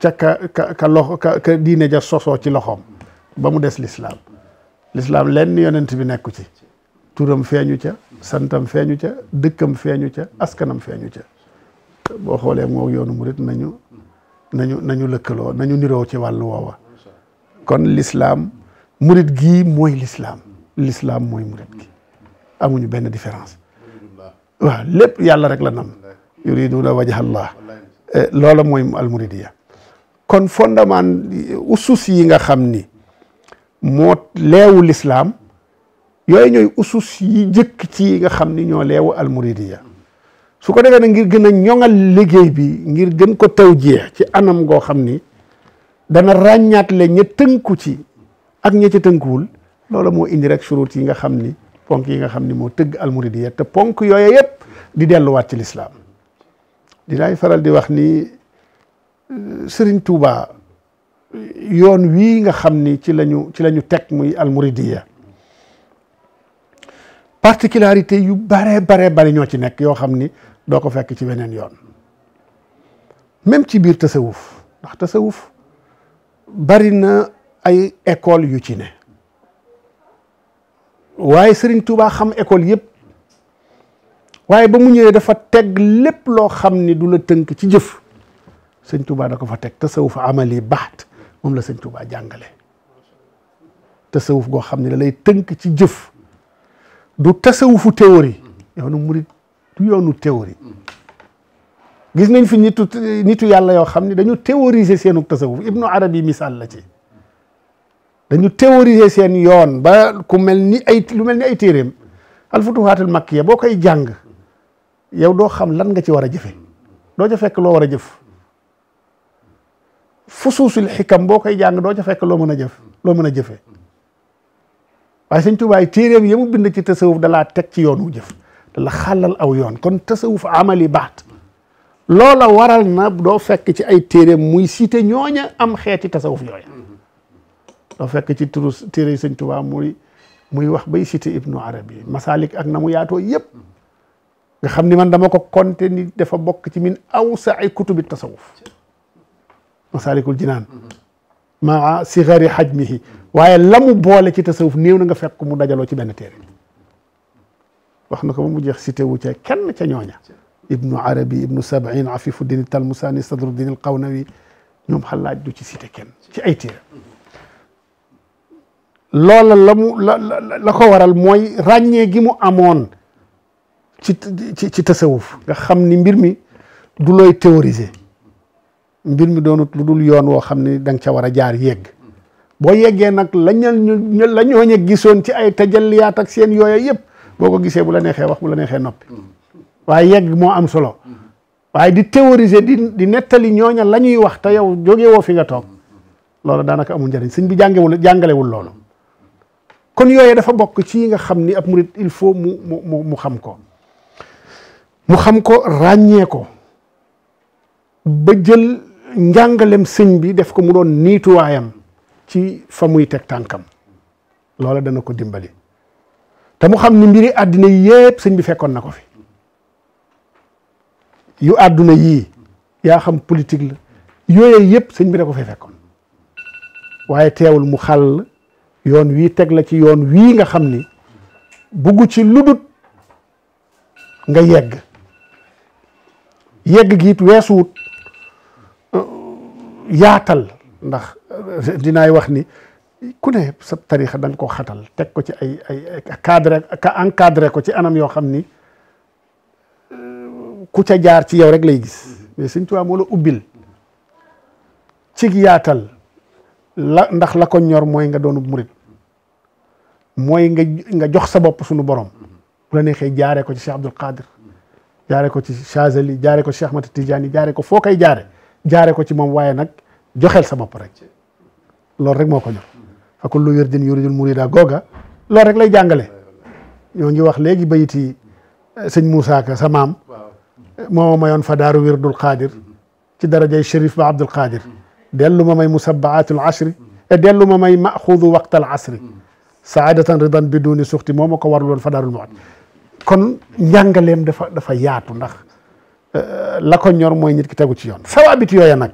S2: ca ka ka loxo ka diine ja sosoo ci loxoom ba mu des lislaam lislaam lenn yonent bi nekku ci turam feeñu ca santam feeñu ca dëkkam feeñu ca askanam feeñu ca boo xoolee moo yoonu murit nañu nañu nañu lëkkaloo nañu niroo ci wàllu woowa kon lislaam murit gii mooy lislaam lislaam mooy murit gi amuñu benn différence waaw lépp yàlla rek la nam yuriduna wajha allah eh, loola mooy almuridiya kon fondement usus yi nga xam ni moo leewu lislaam yooyu ñooy usus yi jëkk ci yi nga xam ni ñoo leewu almuridiya su ko defee na ngir gën a ñoŋal liggéey bi ngir gën ko tawjih ci anam goo xam ni dana ràññaatle le ña tënku ci ak ña ca tënkuwul loola moo indi rek shurut yi nga xam ni ponk yi nga xam ni moo tëgg almuridiya te ponk yooya yëpp di delluwaat ci lislaam dinaay faral di wax ni euh, Sëriñ Tuuba yoon wii nga xam ni ci lañu ci lañu teg muy almuridiya particularité yu bare bare bari ñoo ci nekk yoo xam ni doo ko fekk ci weneen yoon même ci biir tasawuf ndax tasawuf bari na ay école yu ci ne waaye Serigne Touba xam école yëpp waaye ba mu ñëwee dafa teg lépp loo xam ni du la tënk ci jëf sëñ Touba da ko fa teg tasawuf amali baat moom la sëñ Touba jàngale tasawuf goo xam ne da lay tënk ci jëf du tasawufu théorie yoonu murit du yoonu théorie gis nañ fi nitu nitu yàlla yoo xam ne dañu théoriser seenu tasawuf Ibnu yi misaal la ci dañu théoriser seen yoon ba ku mel ni ay lu mel ni ay téeréem alfutuhaatul makkiya boo koy jàng yow doo xam lan nga ci war a jëfe doo ca fekk loo war a jëf suusil xikam boo koy jàng doo ca fekk loo mën a jëf loo mën a jëfe waaye sëñ Tuubaa yi téeréem yi bind ci tasawuf dalaa teg ci yoonu jëf dala xàllal aw yoon kon tasawuf amali baat loola waral na doo fekk ci ay téeréem muy siite ñooña am xeeti tasawuf yooya doo fekk ci turu téere sëñ Tuubaa muy muy wax ba bay cité Ibnu Arabi Masalik ak na mu yaatoo yëpp nga xam ni man dama ko compté ni dafa bokk ci min awsa'i kutubi tasawuf Masalikul Jinaan mm-hmm. maa sigari hajmihi waaye la mu boole ci tasawuf néew na nga fekk mu dajaloo ci benn téere wax na ko ba mu jeex cité wu ca kenn ca ñooña ibnu arabi ibnu sabain afifu din talmusaani sadruddin alqawnawi ñoom xalaaj du ci cité kenn ci ay téere loola la mu la la ko waral mooy ràññee gi mu amoon ci ci ci tasawuf nga xam ni mbir mi du looy théoriser mbir mi doonut lu dul yoon woo xam ni da nga ca war a jaar yegg boo yeggee nag la ñu la ñooñe gisoon ci ay tajalliyaat ak seen yooya yëpp boo ko gisee bu la neexee wax bu la neexee noppi waaye yegg moo am solo waaye di théoriser di di nettali ñooña la ñuy wax te yow jóge woo fi nga toog loolu daanaka amul njariñ sëñ bi jàngewul jàngalewul loolu kon yooyu dafa bokk ci yi nga xam ni ab murit il faut mu mu mu xam ko mu xam ko ràññee ko ba jël njàngalem sëñ bi def ko mu doon niituwaayam ci fa muy teg tànkam loole dana ko dimbali te mu xam ni mbiri àddina yépp sëñ bi fekkoon na ko fi yu àdduna yii yaa xam politique la yooyee yépp sëñ bi da ko fay fekkoon waaye teewul mu xàll yoon wii teg la ci yoon wii nga xam ni buggu ci ludut nga yegg yegg giit it euh, yaatal ndax euh, dinaay wax ni ku ne sa tarixa da ko xatal teg ko ci ay ay cadre ka encadré ko ci anam yoo xam ni euh, ku ca jaar ci yow rek lay gis mais Sëñ Tuubaa moo la ubbil cig yaatal la ndax la ko ñor mooy nga doonu murit mooy nga nga jox sa bopp suñu borom bu la neexee jaaree ko ci Cheikh Abdoul Qadir jaaree ko ci Chazali jaaree ko ci Cheikh Ahmad jaaree ko foo koy jaare jaaree ko ci moom waaye nag joxeel sa bopp rek loolu rek moo ko ñor fa kullu wirdin yuridul murida googa lool rek lay jàngale ñoo ngi wax léegi bayiti eh, sëñ Moussa Ka sa maam moo mayoon fa daaru wirdul Qadir ci darajay Chérif ba Abdoul Qadir dellu ma may musabbaatul asri e dellu ma may maxudu waqtal asri saadatan ridan bi duni suxti moo ma ko waraloon fa daarul muxti kon njàngaleem dafa dafa yaatu ndax euh, la ko ñor mooy nit ki tegu ci yoon sawaabit yooya nag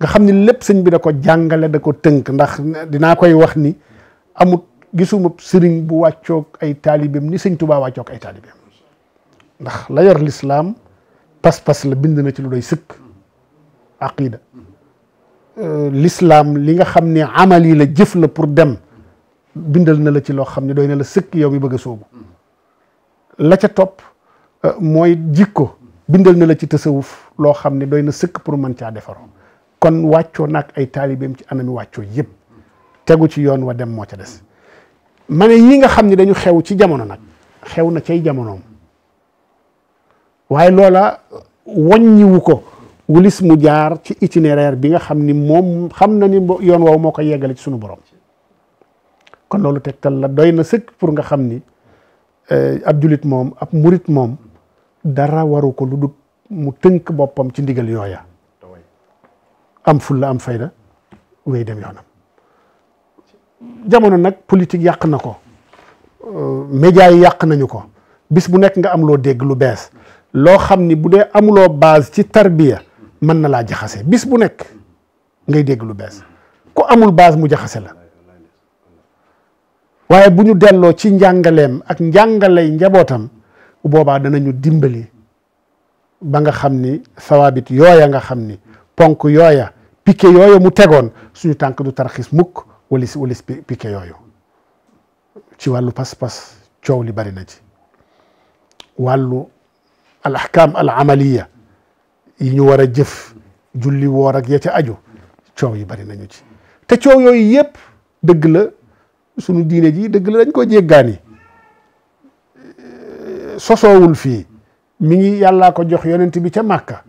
S2: nga xam ni lépp sëñ bi da ko jàngale da ko tënk ndax dinaa koy wax ni amut gisuma sëriñ bu wàccoog ay taalibeem ni sëñ Tuubaa wàccoog ay taalibeem ndax la yor lislaam pas-pas la bind na ci lu doy sëkk aqida euh, lislaam li nga xam ne amal la jëf la pour dem bindal na la ci loo xam ne doy na la sëkk yow mi bëgg a la ca topp euh, mooy jikko bindal na la ci tasawuf loo xam ne doy na sëkk pour mën caa defaroo kon wàccoo nag ay taalibeem ci anami wàccoo yëpp tegu ci yoon wa dem moo ca des ma ne yi nga xam ne dañu xew ci jamono nag xew na cay jamonoom waaye loola euh, woññiwu ko wulis mu jaar ci itinéraire bi nga xam ni moom xam na ni yoon woowu moo ko yeggale suñu sunu borom kon loolu tegtal la doy na sëkk pour nga xam ni eh, ab julit moom ab murit moom dara waru ko lu dul mu tënk boppam ci ndigal yooya am fulla am fayda wéy dem yoonam jamono nag politique yàq na ko eh, médias yi yàq nañu ko bis bu nekk nga am loo dégg lu bees loo xam ni bu dee amuloo baas ci tarbiya mën na laa jaxase bis bu nekk ngay dégg lu bees ku amul base mu jaxase la waaye bu ñu delloo ci njàngaleem ak njàngalay njabootam boobaa danañu dimbali ba nga xam ni sawaabit yooya nga xam ni ponk yooya piqué yooya mu tegoon suñu tànk du tarxis mukk walis walis piqué yooyu ci wàllu pas-pas coow li bari na ci wàllu al ahkam amaliya yi ñu war a jëf julli woor ak ya ci aju coow yi bari nañu ci te coow yooyu yépp dëgg la sunu diine ji dëgg la dañ ko jéggaani eh, sosoowul fii mu ngi yàllaa ko jox yonent bi ca màkka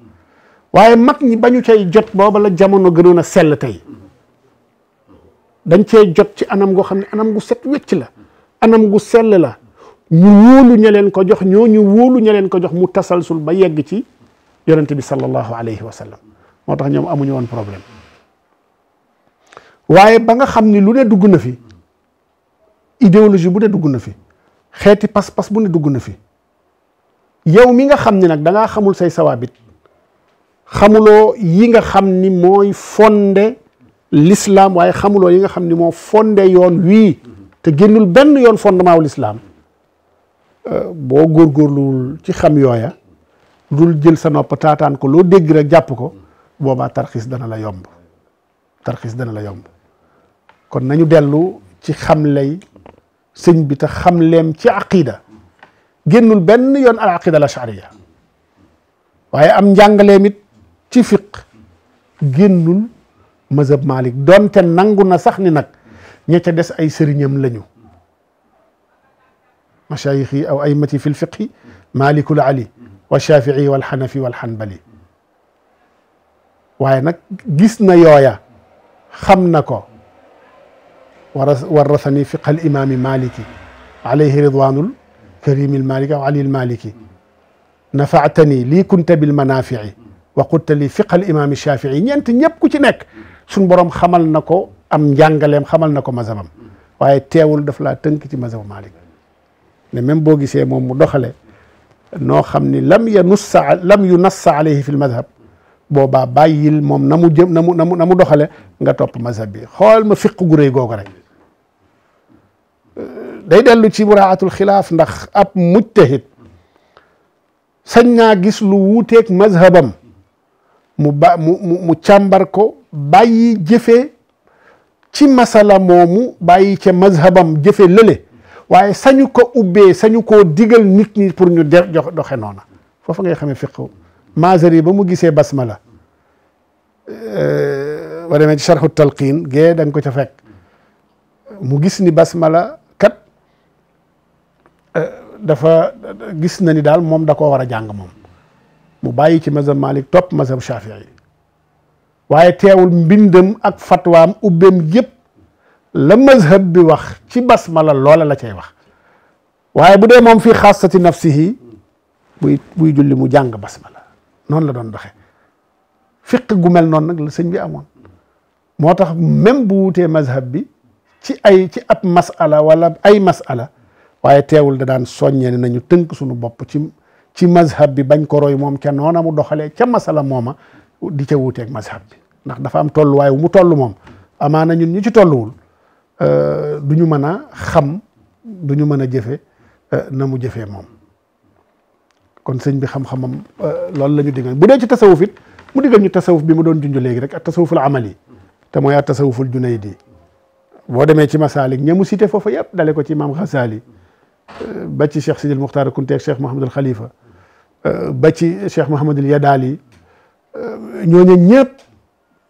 S2: waaye mag ñi ba ñu cay jot booba la jamono gënoon a sell tey dañ cee jot ci anam goo xam ne anam gu set wecc la anam gu sell la ñu wóolu ña ko jox ñoo ñu wóolu ña ko jox mu tasalsul ba yegg ci yonent bi sallallahu alayhi wa moo tax ñoom amuñu woon problème waaye ba nga xam ni lu ne dugg na fi idéologie bu dee dugg na fi xeeti pas-pas bu ne dugg na fi yow mi nga xam ne nag da xamul say sawaabit xamuloo yi nga xam ni mooy fonde l'islam waaye xamuloo yi nga xam ni moo fonde yoon wii te génnul benn yoon fondement wu l'islam euh, boo góorgóorluwul ci xam yooya dul jël sa nopp taataan ko loo dégg rek jàpp ko boobaa tarxiis dana la yomb tarxiis dana la yomb kon nañu dellu ci xam lay sëñ bi te xam leen ci aqida génnul benn yoon al aqida al ashariya waaye am njàngaleem it ci fiq génnul mazhab malik donte nangu na sax ni nag ña ca des ay sëriñam lañu mashayix yi aw aymati fi lfiqhi malikul ali wa shafii waaye nag gis na yooya xam na ko warasani fiqa al imaami maliki alayhi ridwanul karimi al maliki aw ali al maliki nafaatani lii kunta bil manaafici wa qulta li fiqa al imaami shafii ñeent ñëpp ku ci nekk suñ borom xamal na ko am njàngaleem xamal na ko mazhabam waaye teewul daf laa tënk ci mazhabu malik ne même boo gisee moom mu doxale noo xam ni lam yanussa lam yunassa alayhi fi l mazhab boobaa bàyyil moom na mu jëm na mu na mu na mu doxale nga topp mazhab bi xool ma fiq gu rëy googu rek day dellu ci buraatul xilaaf ndax ab mujtahid sañ naa gis lu wuuteeg mazhabam mu ba mu mu càmbar ko bàyyi jëfe ci masala moomu bàyyi ca mazhabam jëfe lële waaye sañu ko ubbee sañu ko digal nit ñi pour ñu de jox doxe noona foofa ngay xamee fiqu Maazari ba mu gisee basmala wa euh, demee ci charxu talqin gee da ko ca fekk mu gis ni basmala dafa gis na ni daal moom da koo war a jàng moom mu bàyyi ci mazhab Malik topp mazhab Shafii waaye teewul mbindam ak fatwaam ubbeem yépp la mazhab bi wax ci basmala loola la cay wax waaye bu dee moom fii xaasati nafsihi buy buy julli mu jàng basmala noonu la doon doxe fiq gu mel noonu nag la sëñ bi amoon moo tax même bu wutee mazhab bi ci ay ci ab masala wala ay masala waaye teewul da daan soññee ne nañu tënk suñu bopp ci ci mazhab bi bañ koro yi moom ca noona mu doxalee ca masala mooma di ca wuuteeg mazhab bi ndax dafa am tolluwaay wu mu toll moom amaana ñun ñu ci tolluwul euh, du ñu mën a xam du ñu mën a jëfe euh, na mu jëfee moom kon sëñ bi xam-xamam euh, loolu la ñu diggal bu dee ci tasawuf it mu diggal ñu tasawuf bi mu doon junj léegi rek ak tasawuful amali te mooy ak tasawuful junaydi boo demee ci masaalik ñamu cité foofu yëpp dale ko ci imam ba ci cheikh sidil muxtaar kunte ak cheikh mahamadul xalifa ba ci cheikh mahamadul yadaali ñooñu ñëpp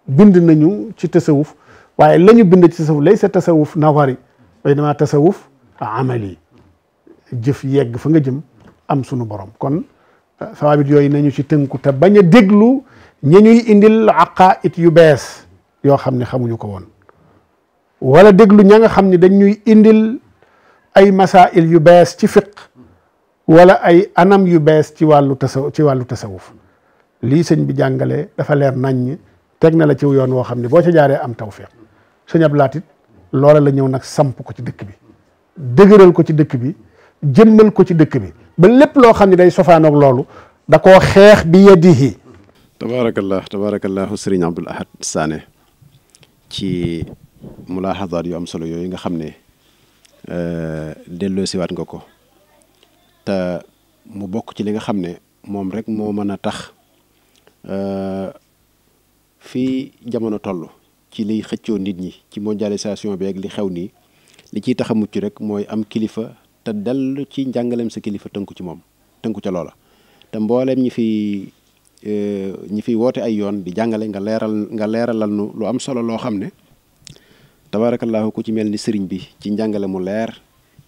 S2: bind nañu ci tasawuf waaye la ñu bind ci tasawuf laysa tasawuf nazari baynama tasawuf amali jëf yegg fa nga jëm am sunu borom kon sawaabit yooyu nañu ci tënku te bañ a déglu ña ñuy indil aqaid yu bees yoo xam ne xamuñu ko woon wala déglu ña nga xam ne dañ ñuy indil ay masail yu bees ci fiq wala ay anam yu bees ci wàllu tasaw ci wàllu tasawuf lii sëñ bi jàngalee dafa leer naññ teg na la ci yoon woo xam ne boo ca jaaree am tawfiq sëñ ab laatit loola la ñëw nag samp ko ci dëkk bi dëgëral ko ci dëkk bi jëmmal ko ci dëkk bi ba lépp loo xam ne day sofaanoog loolu da koo xeex bi yadihi
S1: tabaarakallah tabaarakallahu sëriñ Abdul Ahad Sané ci mulaaxasaat yu am solo yooyu nga xam ne Euh, delloo siwaat nga ko te mu bokk ci li nga xam ne moom rek moo mën a tax euh, fii jamono toll ci liy xëccoo nit ñi ci mondialisation bi ak li xew nii li ciy tax a mucc rek mooy am kilifa te dellu ci njàngaleem sa kilifa tënku ci moom tënku ca loola te mbooleem ñi fi euh, ñi fi woote ay yoon di jàngale nga leeral nga leeralal nu lu am solo loo xam ne tabaarakallaahu ku ci mel ni sëriñ bi ci njàngale mu leer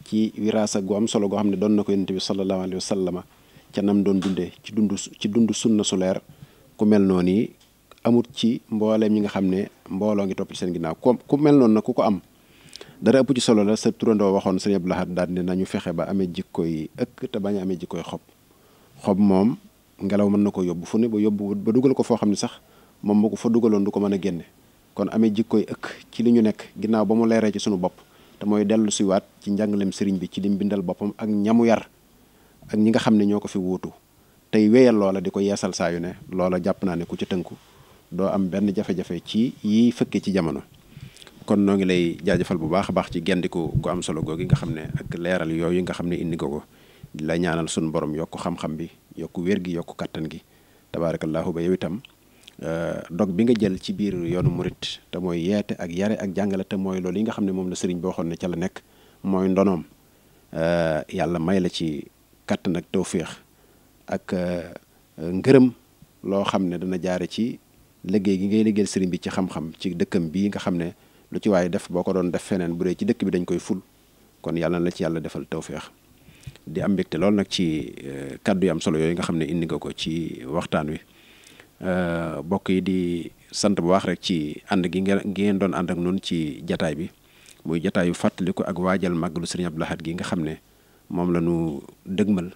S1: ci wiraasa gu am solo goo xam ne doon na ko yonent bi sallallahu alayhi wa sallama ca nam doon dundee ci dund ci dund sunna su leer ku mel noonu yi amut ci mbooleem ñi nga xam ne mbooloo ngi topp ci seen ginnaaw ku ku mel noonu nag ku ko am dara ëpp ci solo la sa turandoo waxoon sëriñ Abdou Lahad daal na ñu fexe ba amee jikko yi ëkk te ba a amee jikko xob xob moom ngelaw mën na ko yóbbu fu ne ba yóbbu ba dugal ko foo xam ne sax moom bu ko fa dugaloon du ko mën a génne kon amee jikkooy ëkk ci li ñu nekk ginnaaw ba mu leeree ci sunu bopp te mooy dellu siwaat ci njàngaleem sëriñ bi ci lim bindal boppam ak ñamu yar ak ñi nga xam ne ñoo ko fi wuutu tey weyal loola di ko yeesal saa yu ne loola jàpp naa ne ku ca tënku doo am benn jafe-jafe ci yiy fëkke ci jamono kon noo ngi lay jaajëfal bu baax a baax ci gendiku gu am solo googi nga xam ne ak leeral yooyu nga xam ne indi ko ko di la ñaanal sunu borom yokk xam-xam bi yokk wér gi yokk kattan gi tabaarakallaahu ba yow itam Euh, dog bi nga jël ci biir yoonu murit te mooy yeete ak yare ak jàngale te mooy lool yi nga xam ne moom la sëriñ bi waxoon ne ca la nekk mooy ndonoom euh, yàlla may la ci kàttan ak tawféex ak euh, ngërëm loo xam ne dana jaare ci liggéey gi ngay liggéeyal sëriñ bi ci xam-xam ci dëkkam bii nga xam ne lu ci waaye def boo ko doon def feneen bu dee ci dëkk bi dañ koy ful kon yàlla na la ci yàlla defal feex di am mbégte lool nag ci kàddu yu am solo yooyu nga xam ne indi nga ko ci waxtaan wi mbokk euh, yi di sant bu baax rek ci ànd gi ngeen doon ànd ak noonu ci jataay bi muy jataayu fàttali ko ak waajal màggalu Sëriñ Abdou Lahad gi nga xam ne moom la ñu dëgmal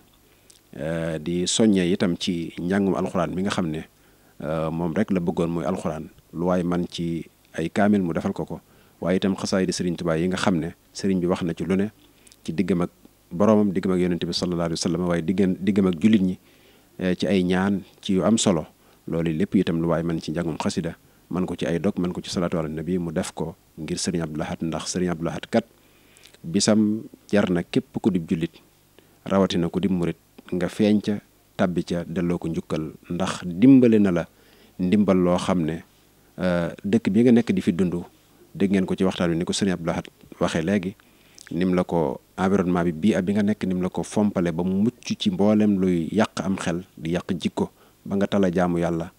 S1: euh, di soññee itam ci njàngum alxuraan mi nga xam ne euh, moom rek la bëggoon muy alxuraan lu waaye man ci ay kaamil mu defal ko ko waaye itam xasaay di Sëriñ Tuubaa yi nga xam ne sëriñ bi wax na ci lu ne ci diggam ak boroomam diggam ak yonente bi sallallahu alayhi wa sallam waaye diggam diggam ak jullit ñi ci ay ñaan ci yu am solo loolu lépp itam lu waaye man ci njàngum xasida man ko ci ay dog man ko ci salaatu na bi mu def ko ngir sëriñ Abdou Lahad ndax sëriñ Abdou Lahad kat bisam jar na képp ku dib jullit rawatina ku dib murit nga feeñ ca tàbbi ca delloo ko njukkal ndax dimbale na la ndimbal loo xam ne euh, dëkk bi nga nekk di fi dund dégg ngeen ko ci waxtaan wi ni ko sëriñ Abdou Lahad waxee léegi nim la ko environnement bi bii ak bi nga nekk nim la ko fompale ba mu mucc ci mboolem luy yàq am xel di yàq jikko ba nga tala jaamu yàlla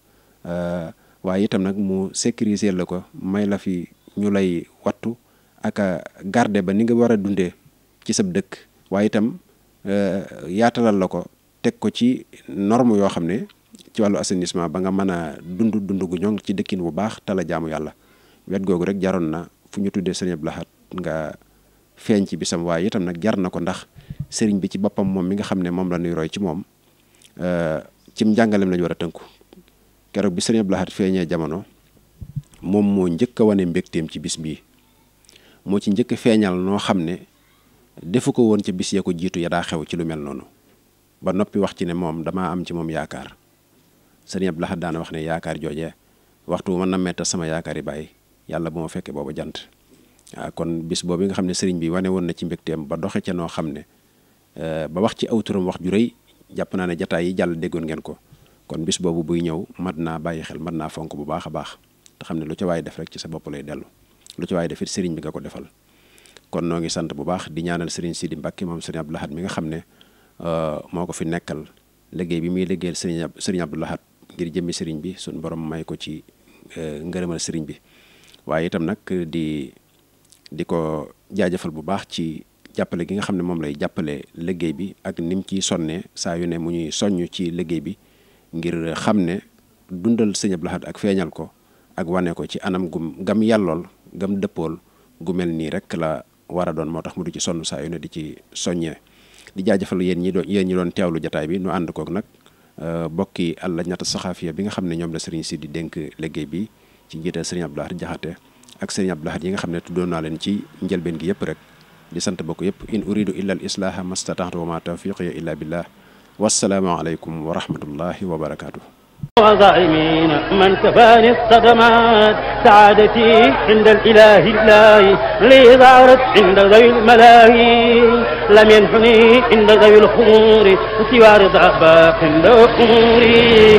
S1: euh, waaye itam nag mu sécuriser la ko may la fi ñu lay wattu ak garde ba ni nga war a dundee ci sab dëkk waaye itam euh, yaatalal la ko teg ko ci norme yoo xam ne ci wàllu assainissement ba nga mën a dund dund gu ñoŋ ci dëkkin bu baax tala jaamu yàlla wet googu rek jaroon na fu ñu tuddee sëriñ Abdou Lahad nga feeñ ci bisam waaye itam nag jar na ko ndax sëriñ bi ci boppam moom mi nga xam ne moom la ñuy roy ci moom Euh, cim njàngaleem la ñu war a tënku keroog bi sëriñ Abdou Lahad feeñee jamono moom moo njëkk a wane mbégteem ci bis bii moo ci njëkk feeñal noo xam ne defu ko woon ci bis ya ko jiitu ya daa xew ci lu mel noonu ba noppi wax ci ne moom damaa am ci moom yaakaar sëriñ Abdou Lahad daana wax ne yaakaar joojee waxtu mën na metta sama yaakaar yi bàyyi yàlla bu ma fekkee booba jant waaw ah, kon bis boobu nga xam ne sëriñ bi wane woon na ci mbégteem ba doxe ca noo xam ne euh, ba wax ci aw turam wax ju rëy jàpp naa ne jataay yi jàll déggoon ngeen ko kon bis boobu buy ñëw mat naa bàyyi xel mat naa fonk bu baax a baax te xam ne lu ca waay def rek ci sa bopp lay dellu lu ca waay def it sëriñ bi nga ko defal kon noo ngi sant bu baax di ñaanal sëriñ di Mbacke moom sëriñ Abdou Lahad mi nga xam ne uh, moo ko fi nekkal liggéey bi muy liggéeyal sëriñ sëriñ Abdou Lahad ngir jëmmi sëriñ bi suñu borom may ko ci uh, ngërëmal sëriñ bi waaye itam nag di di ko jaajëfal bu baax ci jàppale gi nga xam ne moom lay jàppale liggéey bi ak ni mu ciy sonnee saa yu ne mu ñuy soññ ci liggéey bi ngir xam ne dundal Sëñ Abdou Lahad ak feeñal ko ak wane ko ci anam gum gam yàllool gam dëppool gu mel nii rek la war a doon moo tax mu du ci sonn saa yu ne di ci soññee di jaajëfal yéen ñi doon yéen ñi doon teewlu jataay bi nu ànd kook nag euh, bokki àlla ñatta saxaafiya bi nga xam ne ñoom la sëriñ si di dénk liggéey bi ci njiital sëriñ Abdou Lahad Jaxate ak sëriñ Abdou Lahad yi nga xam ne tuddoon naa leen ci njëlbeen gi yëpp rek di sant bokk yëpp in uridu illa al islaaha mastataxtu wa ma tawfiqiya illa billah wassalaamu aleykum wa rahmatullahi wa barakatuh وظالمين من كفاني الصدمات سعادتي عند الإله الله لي ظهرت عند ذوي الملاهي
S2: لم ينحني عند ذوي الخمور سوى رضا باق عند أموري